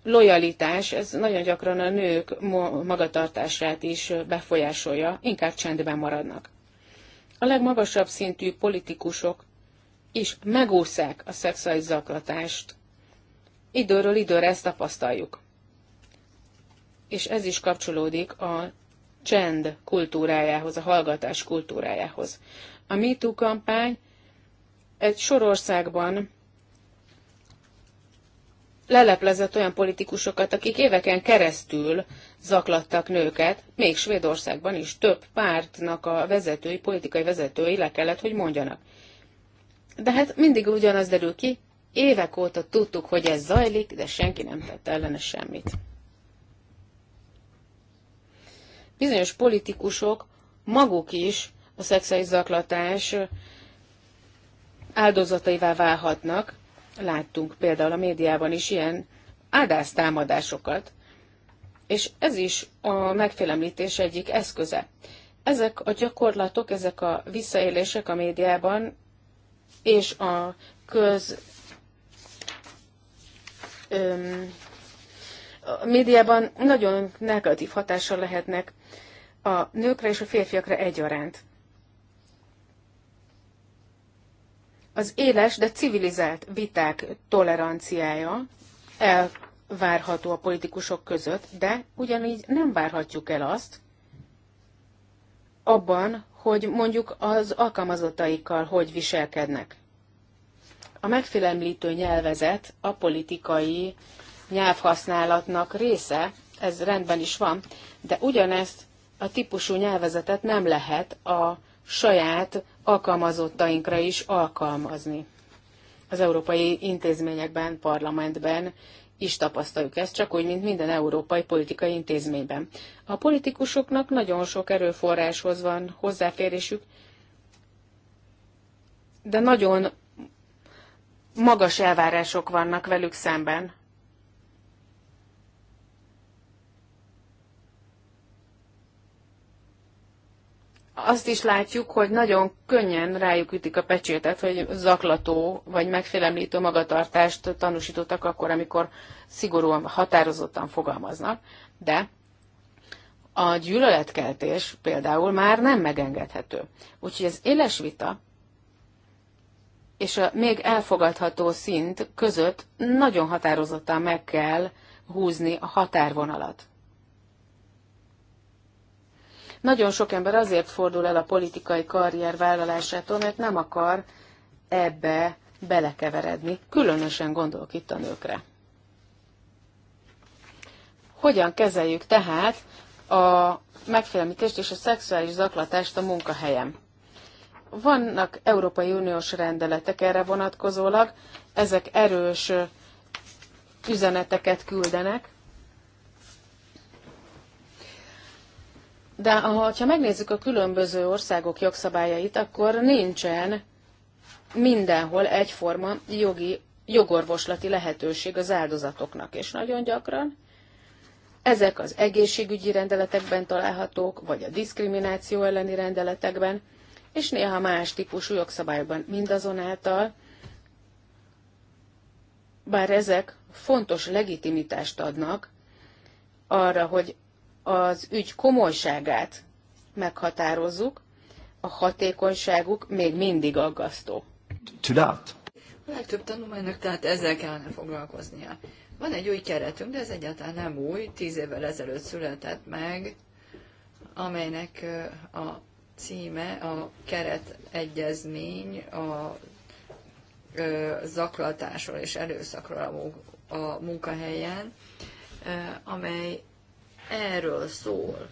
lojalitás, ez nagyon gyakran a nők magatartását is befolyásolja, inkább csendben maradnak. A legmagasabb szintű politikusok is megúszák a szexuális zaklatást. Időről időre ezt tapasztaljuk. És ez is kapcsolódik a csend kultúrájához, a hallgatás kultúrájához. A MeToo kampány egy sor országban leleplezett olyan politikusokat, akik éveken keresztül zaklattak nőket, még Svédországban is több pártnak a vezetői, politikai vezetői le kellett, hogy mondjanak. De hát mindig ugyanaz derül ki, évek óta tudtuk, hogy ez zajlik, de senki nem tett ellene semmit. Bizonyos politikusok maguk is a szexuális zaklatás áldozataivá válhatnak, láttunk például a médiában is ilyen támadásokat, és ez is a megfélemlítés egyik eszköze. Ezek a gyakorlatok, ezek a visszaélések a médiában és a köz öm, a médiában nagyon negatív hatással lehetnek a nőkre és a férfiakra egyaránt. Az éles, de civilizált viták toleranciája elvárható a politikusok között, de ugyanígy nem várhatjuk el azt abban, hogy mondjuk az alkalmazottaikkal hogy viselkednek. A megfélemlítő nyelvezet a politikai nyelvhasználatnak része, ez rendben is van, de ugyanezt a típusú nyelvezetet nem lehet a saját alkalmazottainkra is alkalmazni. Az európai intézményekben, parlamentben is tapasztaljuk ezt, csak úgy, mint minden európai politikai intézményben. A politikusoknak nagyon sok erőforráshoz van hozzáférésük, de nagyon magas elvárások vannak velük szemben. azt is látjuk, hogy nagyon könnyen rájuk ütik a pecsétet, hogy zaklató vagy megfélemlítő magatartást tanúsítottak akkor, amikor szigorúan, határozottan fogalmaznak, de a gyűlöletkeltés például már nem megengedhető. Úgyhogy az éles vita és a még elfogadható szint között nagyon határozottan meg kell húzni a határvonalat. Nagyon sok ember azért fordul el a politikai karrier vállalásától, mert nem akar ebbe belekeveredni. Különösen gondolok itt a nőkre. Hogyan kezeljük tehát a megfélemlítést és a szexuális zaklatást a munkahelyen? Vannak Európai Uniós rendeletek erre vonatkozólag, ezek erős üzeneteket küldenek, De ha megnézzük a különböző országok jogszabályait, akkor nincsen mindenhol egyforma jogi, jogorvoslati lehetőség az áldozatoknak, és nagyon gyakran ezek az egészségügyi rendeletekben találhatók, vagy a diszkrimináció elleni rendeletekben, és néha más típusú jogszabályokban mindazonáltal, bár ezek fontos legitimitást adnak arra, hogy az ügy komolyságát meghatározzuk, a hatékonyságuk még mindig aggasztó. Tudat. A legtöbb tanulmánynak tehát ezzel kellene foglalkoznia. Van egy új keretünk, de ez egyáltalán nem új, tíz évvel ezelőtt született meg, amelynek a címe a keretegyezmény a zaklatásról és erőszakról a munkahelyen, amely erről szól,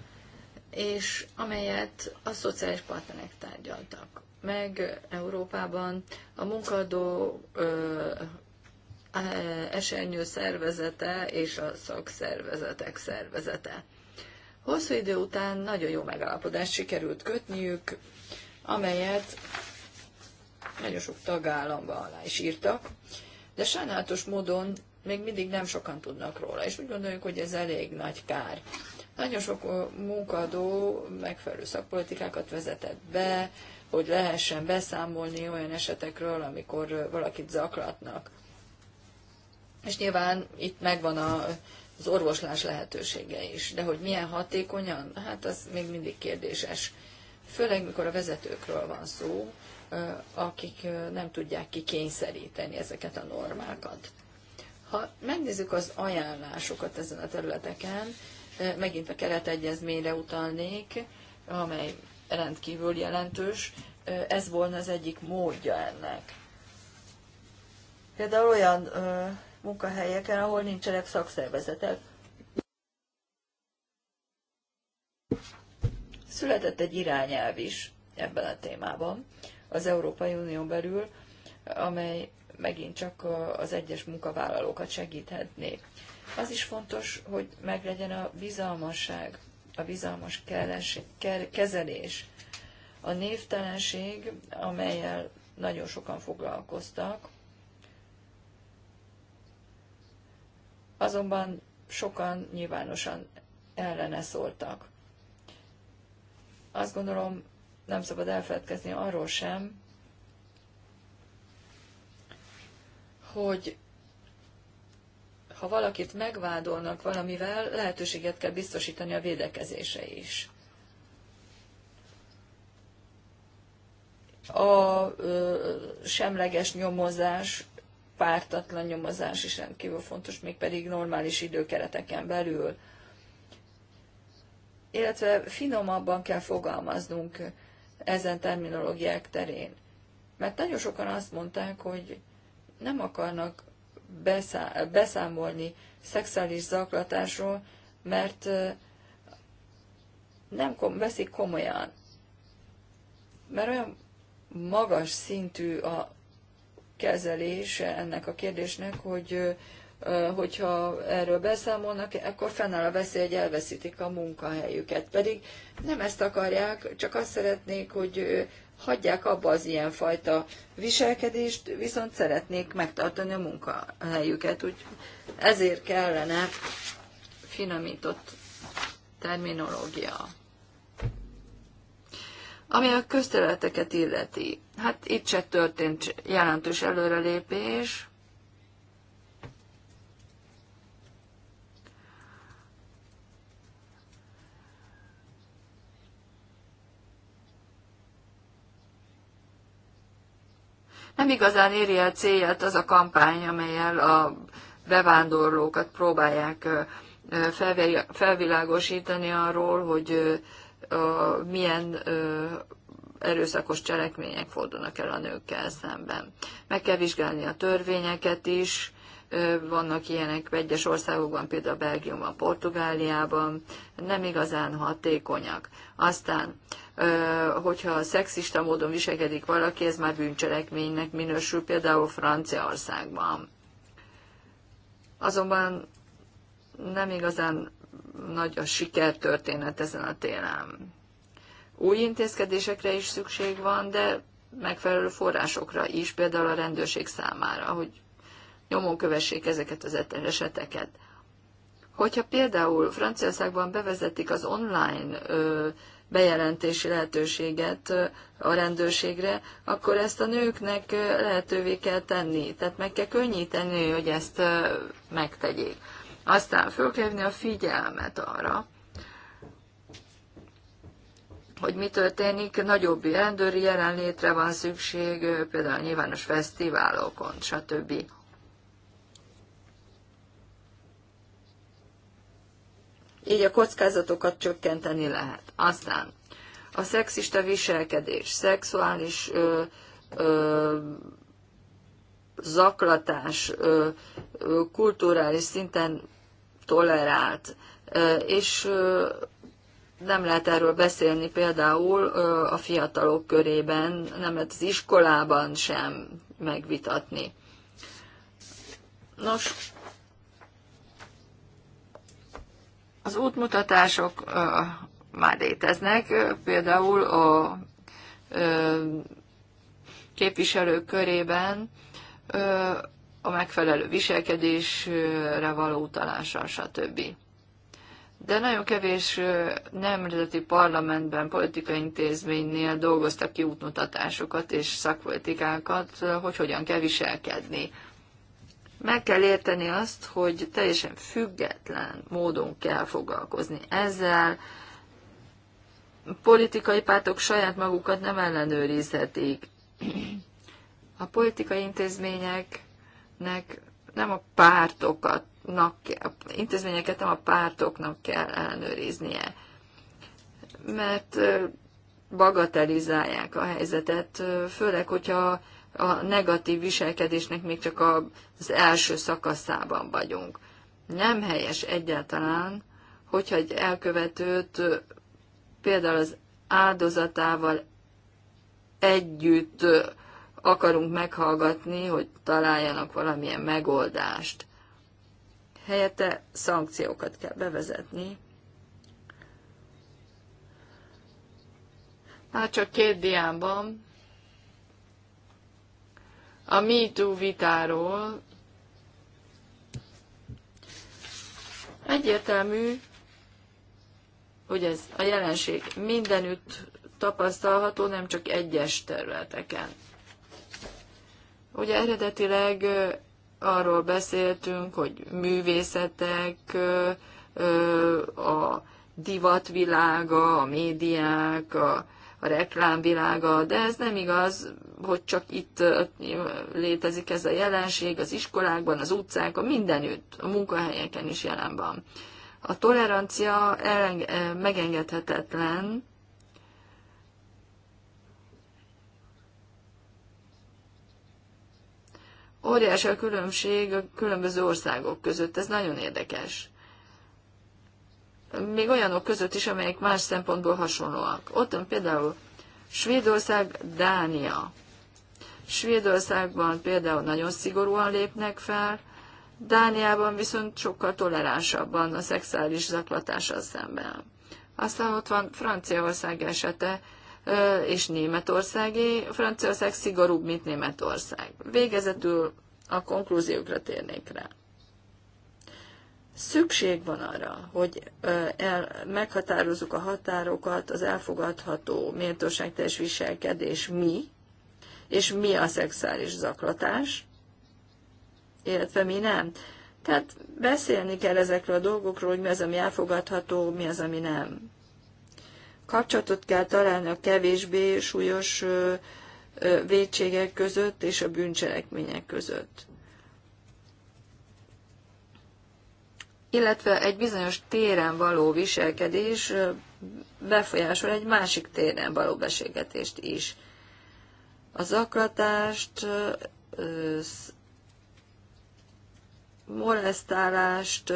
és amelyet a szociális partnerek tárgyaltak. Meg Európában a munkadó ö, e, esernyő szervezete és a szakszervezetek szervezete. Hosszú idő után nagyon jó megállapodást sikerült kötniük, amelyet nagyon sok tagállamban alá is írtak, de sajnálatos módon még mindig nem sokan tudnak róla, és úgy gondoljuk, hogy ez elég nagy kár. Nagyon sok munkadó megfelelő szakpolitikákat vezetett be, hogy lehessen beszámolni olyan esetekről, amikor valakit zaklatnak. És nyilván itt megvan a, az orvoslás lehetősége is, de hogy milyen hatékonyan, hát az még mindig kérdéses. Főleg, mikor a vezetőkről van szó, akik nem tudják kikényszeríteni ezeket a normákat. Ha megnézzük az ajánlásokat ezen a területeken, megint a keretegyezményre utalnék, amely rendkívül jelentős, ez volna az egyik módja ennek. Például olyan ö, munkahelyeken, ahol nincsenek szakszervezetek. Született egy irányelv is ebben a témában az Európai Unión belül, amely megint csak az egyes munkavállalókat segíthetné. Az is fontos, hogy meglegyen a bizalmasság, a bizalmas kezelés, a névtelenség, amelyel nagyon sokan foglalkoztak, azonban sokan nyilvánosan ellene szóltak. Azt gondolom, nem szabad elfeledkezni arról sem, hogy ha valakit megvádolnak valamivel, lehetőséget kell biztosítani a védekezése is. A ö, semleges nyomozás, pártatlan nyomozás is rendkívül fontos, mégpedig normális időkereteken belül. Illetve finomabban kell fogalmaznunk ezen terminológiák terén. Mert nagyon sokan azt mondták, hogy nem akarnak beszámolni szexuális zaklatásról, mert nem kom- veszik komolyan. Mert olyan magas szintű a kezelése ennek a kérdésnek, hogy hogyha erről beszámolnak, akkor fennáll a veszély, hogy elveszítik a munkahelyüket. Pedig nem ezt akarják, csak azt szeretnék, hogy hagyják abba az ilyenfajta viselkedést, viszont szeretnék megtartani a munkahelyüket, úgy ezért kellene finomított terminológia. Ami a közterületeket illeti, hát itt se történt jelentős előrelépés, nem igazán éri el célját az a kampány, amelyel a bevándorlókat próbálják felvilágosítani arról, hogy milyen erőszakos cselekmények fordulnak el a nőkkel szemben. Meg kell vizsgálni a törvényeket is, vannak ilyenek egyes országokban, például Belgiumban, Portugáliában, nem igazán hatékonyak. Aztán hogyha szexista módon viselkedik valaki, ez már bűncselekménynek minősül, például Franciaországban. Azonban nem igazán nagy a sikertörténet ezen a télen. Új intézkedésekre is szükség van, de megfelelő forrásokra is, például a rendőrség számára, hogy nyomon kövessék ezeket az eseteket. Hogyha például Franciaországban bevezetik az online ö, bejelentési lehetőséget a rendőrségre, akkor ezt a nőknek lehetővé kell tenni. Tehát meg kell könnyíteni, hogy ezt megtegyék. Aztán föl kell a figyelmet arra, hogy mi történik, nagyobb rendőri jelenlétre van szükség, például nyilvános fesztiválokon, stb. így a kockázatokat csökkenteni lehet. Aztán a szexista viselkedés, szexuális ö, ö, zaklatás ö, ö, kulturális szinten tolerált, ö, és ö, nem lehet erről beszélni például ö, a fiatalok körében, nem lehet az iskolában sem megvitatni. Nos, Az útmutatások már léteznek, például a képviselők körében a megfelelő viselkedésre való utalással, stb. De nagyon kevés nemzeti parlamentben, politikai intézménynél dolgoztak ki útmutatásokat és szakpolitikákat, hogy hogyan kell viselkedni. Meg kell érteni azt, hogy teljesen független módon kell foglalkozni ezzel. Politikai pártok saját magukat nem ellenőrizhetik. A politikai intézményeknek nem a pártokat pártoknak, intézményeket nem a pártoknak kell ellenőriznie, mert bagatelizálják a helyzetet, főleg, hogyha a negatív viselkedésnek még csak az első szakaszában vagyunk. Nem helyes egyáltalán, hogyha egy elkövetőt például az áldozatával együtt akarunk meghallgatni, hogy találjanak valamilyen megoldást. Helyette szankciókat kell bevezetni. Már csak két diámban, a MeToo vitáról egyértelmű, hogy ez a jelenség mindenütt tapasztalható, nem csak egyes területeken. Ugye eredetileg arról beszéltünk, hogy művészetek, a divatvilága, a médiák, a, a reklámvilága, de ez nem igaz, hogy csak itt létezik ez a jelenség, az iskolákban, az utcákon, mindenütt, a munkahelyeken is jelen van. A tolerancia eleng- megengedhetetlen, Óriási a különbség a különböző országok között, ez nagyon érdekes még olyanok között is, amelyek más szempontból hasonlóak. Ott például Svédország, Dánia. Svédországban például nagyon szigorúan lépnek fel, Dániában viszont sokkal toleránsabban a szexuális zaklatás az szemben. Aztán ott van Franciaország esete, és Németországé. Franciaország szigorúbb, mint Németország. Végezetül a konklúziókra térnék rá. Szükség van arra, hogy el, meghatározzuk a határokat, az elfogadható méltóságteljes viselkedés mi, és mi a szexuális zaklatás, illetve mi nem. Tehát beszélni kell ezekről a dolgokról, hogy mi az, ami elfogadható, mi az, ami nem. Kapcsolatot kell találni a kevésbé súlyos vétségek között és a bűncselekmények között. Illetve egy bizonyos téren való viselkedés befolyásol egy másik téren való beszélgetést is. Az aklatást, molesztálást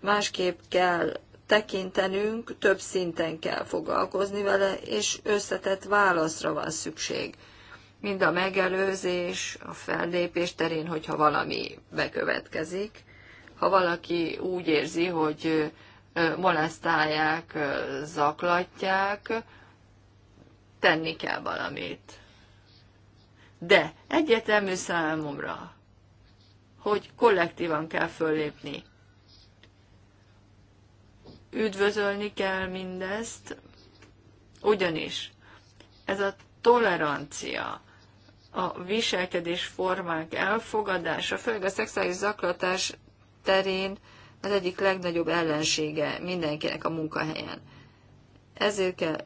másképp kell tekintenünk, több szinten kell foglalkozni vele, és összetett válaszra van szükség. Mind a megelőzés, a fellépés terén, hogyha valami bekövetkezik, ha valaki úgy érzi, hogy molesztálják, zaklatják, tenni kell valamit. De egyetemű számomra, hogy kollektívan kell föllépni. Üdvözölni kell mindezt, ugyanis ez a tolerancia, a viselkedés formák elfogadása, főleg a szexuális zaklatás terén az egyik legnagyobb ellensége mindenkinek a munkahelyen. Ezért kell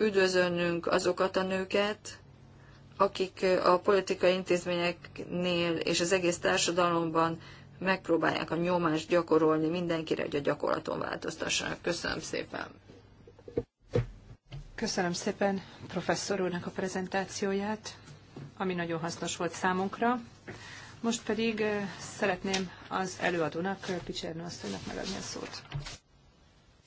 üdvözölnünk azokat a nőket, akik a politikai intézményeknél és az egész társadalomban megpróbálják a nyomást gyakorolni mindenkire, hogy a gyakorlaton változtassanak. Köszönöm szépen! Köszönöm szépen professzor úrnak a prezentációját, ami nagyon hasznos volt számunkra. Most pedig szeretném az előadónak, Picserno asszonynak megadni a szót.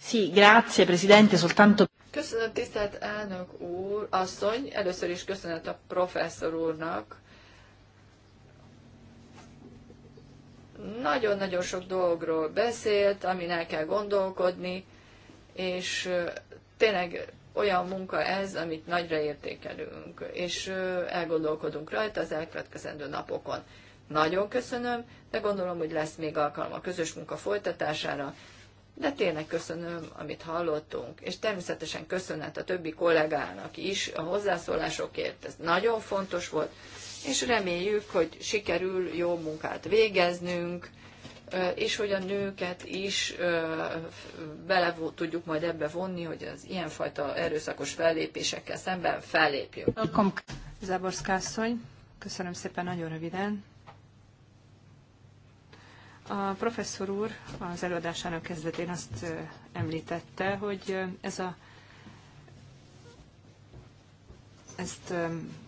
Sí, grazie, presidente, soltanto... Köszönöm, tisztelt elnök úr, asszony. Először is köszönet a professzor úrnak. Nagyon-nagyon sok dologról beszélt, amin el kell gondolkodni, és tényleg olyan munka ez, amit nagyra értékelünk, és elgondolkodunk rajta az elkövetkezendő napokon. Nagyon köszönöm, de gondolom, hogy lesz még alkalma közös munka folytatására, de tényleg köszönöm, amit hallottunk, és természetesen köszönet a többi kollégának is a hozzászólásokért, ez nagyon fontos volt, és reméljük, hogy sikerül jó munkát végeznünk, és hogy a nőket is bele tudjuk majd ebbe vonni, hogy az ilyenfajta erőszakos fellépésekkel szemben fellépjünk. Zaborszka asszony, köszönöm szépen nagyon röviden. A professzor úr az előadásának kezdetén azt említette, hogy ez a, ezt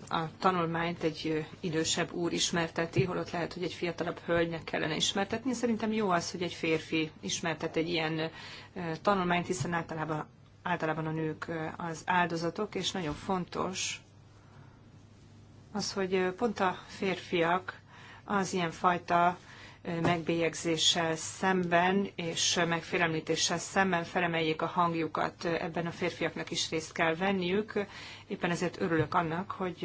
a tanulmányt egy idősebb úr ismerteti, holott lehet, hogy egy fiatalabb hölgynek kellene ismertetni. Szerintem jó az, hogy egy férfi ismertet egy ilyen tanulmányt, hiszen általában, általában a nők az áldozatok, és nagyon fontos az, hogy pont a férfiak az ilyen fajta megbélyegzéssel szemben és megfélemlítéssel szemben felemeljék a hangjukat. Ebben a férfiaknak is részt kell venniük. Éppen ezért örülök annak, hogy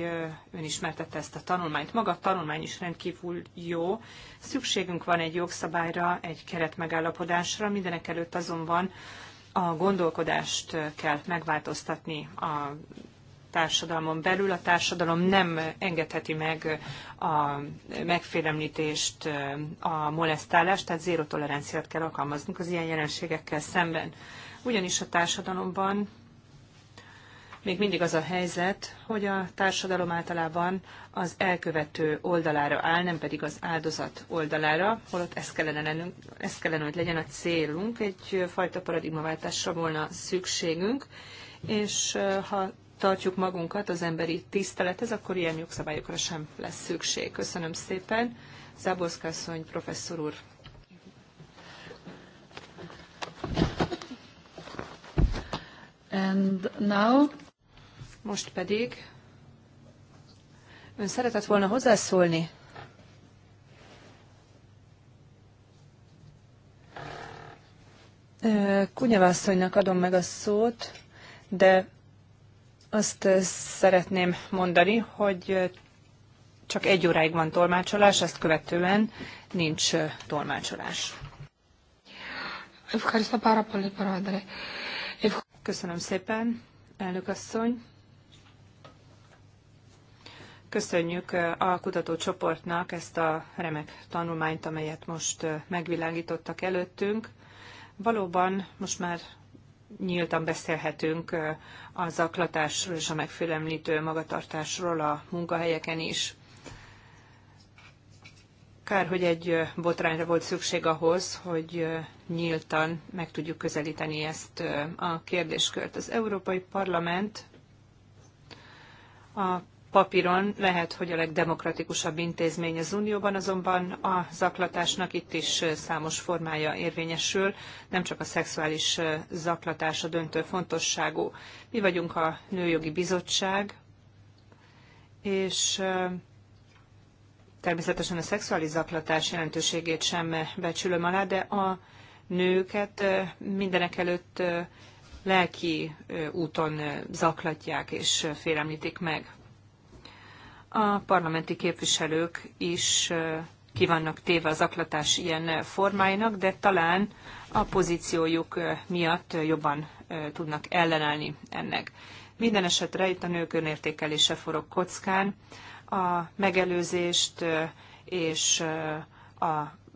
ön ismertette ezt a tanulmányt. Maga a tanulmány is rendkívül jó. Szükségünk van egy jogszabályra, egy keret megállapodásra. mindenek előtt azonban a gondolkodást kell megváltoztatni a társadalmon belül a társadalom nem engedheti meg a megfélemlítést, a molesztálást, tehát zéró toleranciát kell alkalmaznunk az ilyen jelenségekkel szemben. Ugyanis a társadalomban még mindig az a helyzet, hogy a társadalom általában az elkövető oldalára áll, nem pedig az áldozat oldalára, holott ez kellene, lennünk, ez kellene hogy legyen a célunk, egyfajta paradigmaváltásra volna szükségünk, és ha tartjuk magunkat az emberi tisztelethez, akkor ilyen jogszabályokra sem lesz szükség. Köszönöm szépen. asszony, professzor úr. And now... Most pedig ön szeretett volna hozzászólni? Kunyavászonynak adom meg a szót, de azt szeretném mondani, hogy csak egy óráig van tolmácsolás, ezt követően nincs tolmácsolás. Köszönöm szépen, elnök asszony. Köszönjük a kutatócsoportnak ezt a remek tanulmányt, amelyet most megvilágítottak előttünk. Valóban most már nyíltan beszélhetünk a zaklatásról és a megfélemlítő magatartásról a munkahelyeken is. Kár, hogy egy botrányra volt szükség ahhoz, hogy nyíltan meg tudjuk közelíteni ezt a kérdéskört. Az Európai Parlament a papíron lehet, hogy a legdemokratikusabb intézmény az Unióban, azonban a zaklatásnak itt is számos formája érvényesül, nem csak a szexuális zaklatás a döntő fontosságú. Mi vagyunk a Nőjogi Bizottság, és természetesen a szexuális zaklatás jelentőségét sem becsülöm alá, de a nőket mindenek előtt lelki úton zaklatják és félemlítik meg a parlamenti képviselők is ki vannak téve az aklatás ilyen formáinak, de talán a pozíciójuk miatt jobban tudnak ellenállni ennek. Minden esetre itt a nők önértékelése forog kockán, a megelőzést és a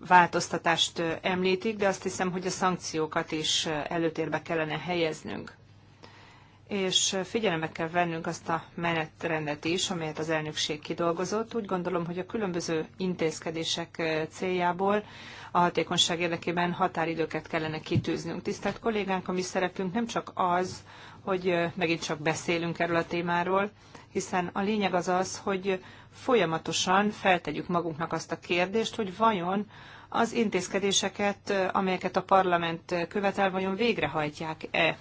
változtatást említik, de azt hiszem, hogy a szankciókat is előtérbe kellene helyeznünk és figyelembe kell vennünk azt a menetrendet is, amelyet az elnökség kidolgozott. Úgy gondolom, hogy a különböző intézkedések céljából a hatékonyság érdekében határidőket kellene kitűznünk. Tisztelt kollégánk, a mi szerepünk nem csak az, hogy megint csak beszélünk erről a témáról, hiszen a lényeg az az, hogy folyamatosan feltegyük magunknak azt a kérdést, hogy vajon az intézkedéseket, amelyeket a parlament követel, vajon végrehajtják-e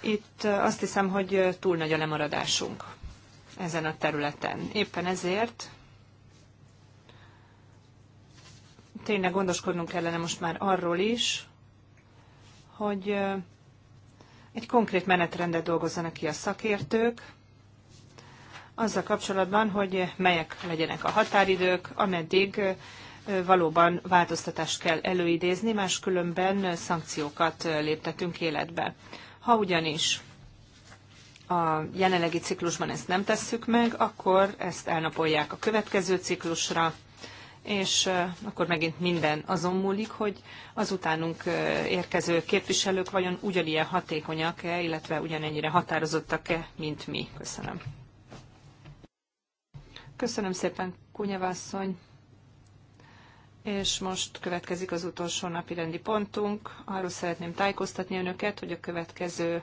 itt azt hiszem, hogy túl nagy a lemaradásunk ezen a területen. Éppen ezért tényleg gondoskodnunk kellene most már arról is, hogy egy konkrét menetrendet dolgozzanak ki a szakértők, azzal kapcsolatban, hogy melyek legyenek a határidők, ameddig valóban változtatást kell előidézni, máskülönben szankciókat léptetünk életbe. Ha ugyanis a jelenlegi ciklusban ezt nem tesszük meg, akkor ezt elnapolják a következő ciklusra, és akkor megint minden azon múlik, hogy az utánunk érkező képviselők vajon ugyanilyen hatékonyak-e, illetve ugyanennyire határozottak-e, mint mi. Köszönöm. Köszönöm szépen, Kunyevasszony. És most következik az utolsó napi rendi pontunk. Arról szeretném tájékoztatni önöket, hogy a következő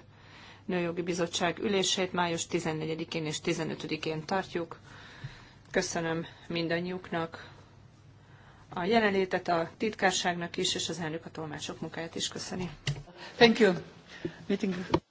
Nőjogi Bizottság ülését május 14-én és 15-én tartjuk. Köszönöm mindannyiuknak a jelenlétet, a titkárságnak is, és az elnök a tolmácsok munkáját is köszöni. Thank you. Meeting.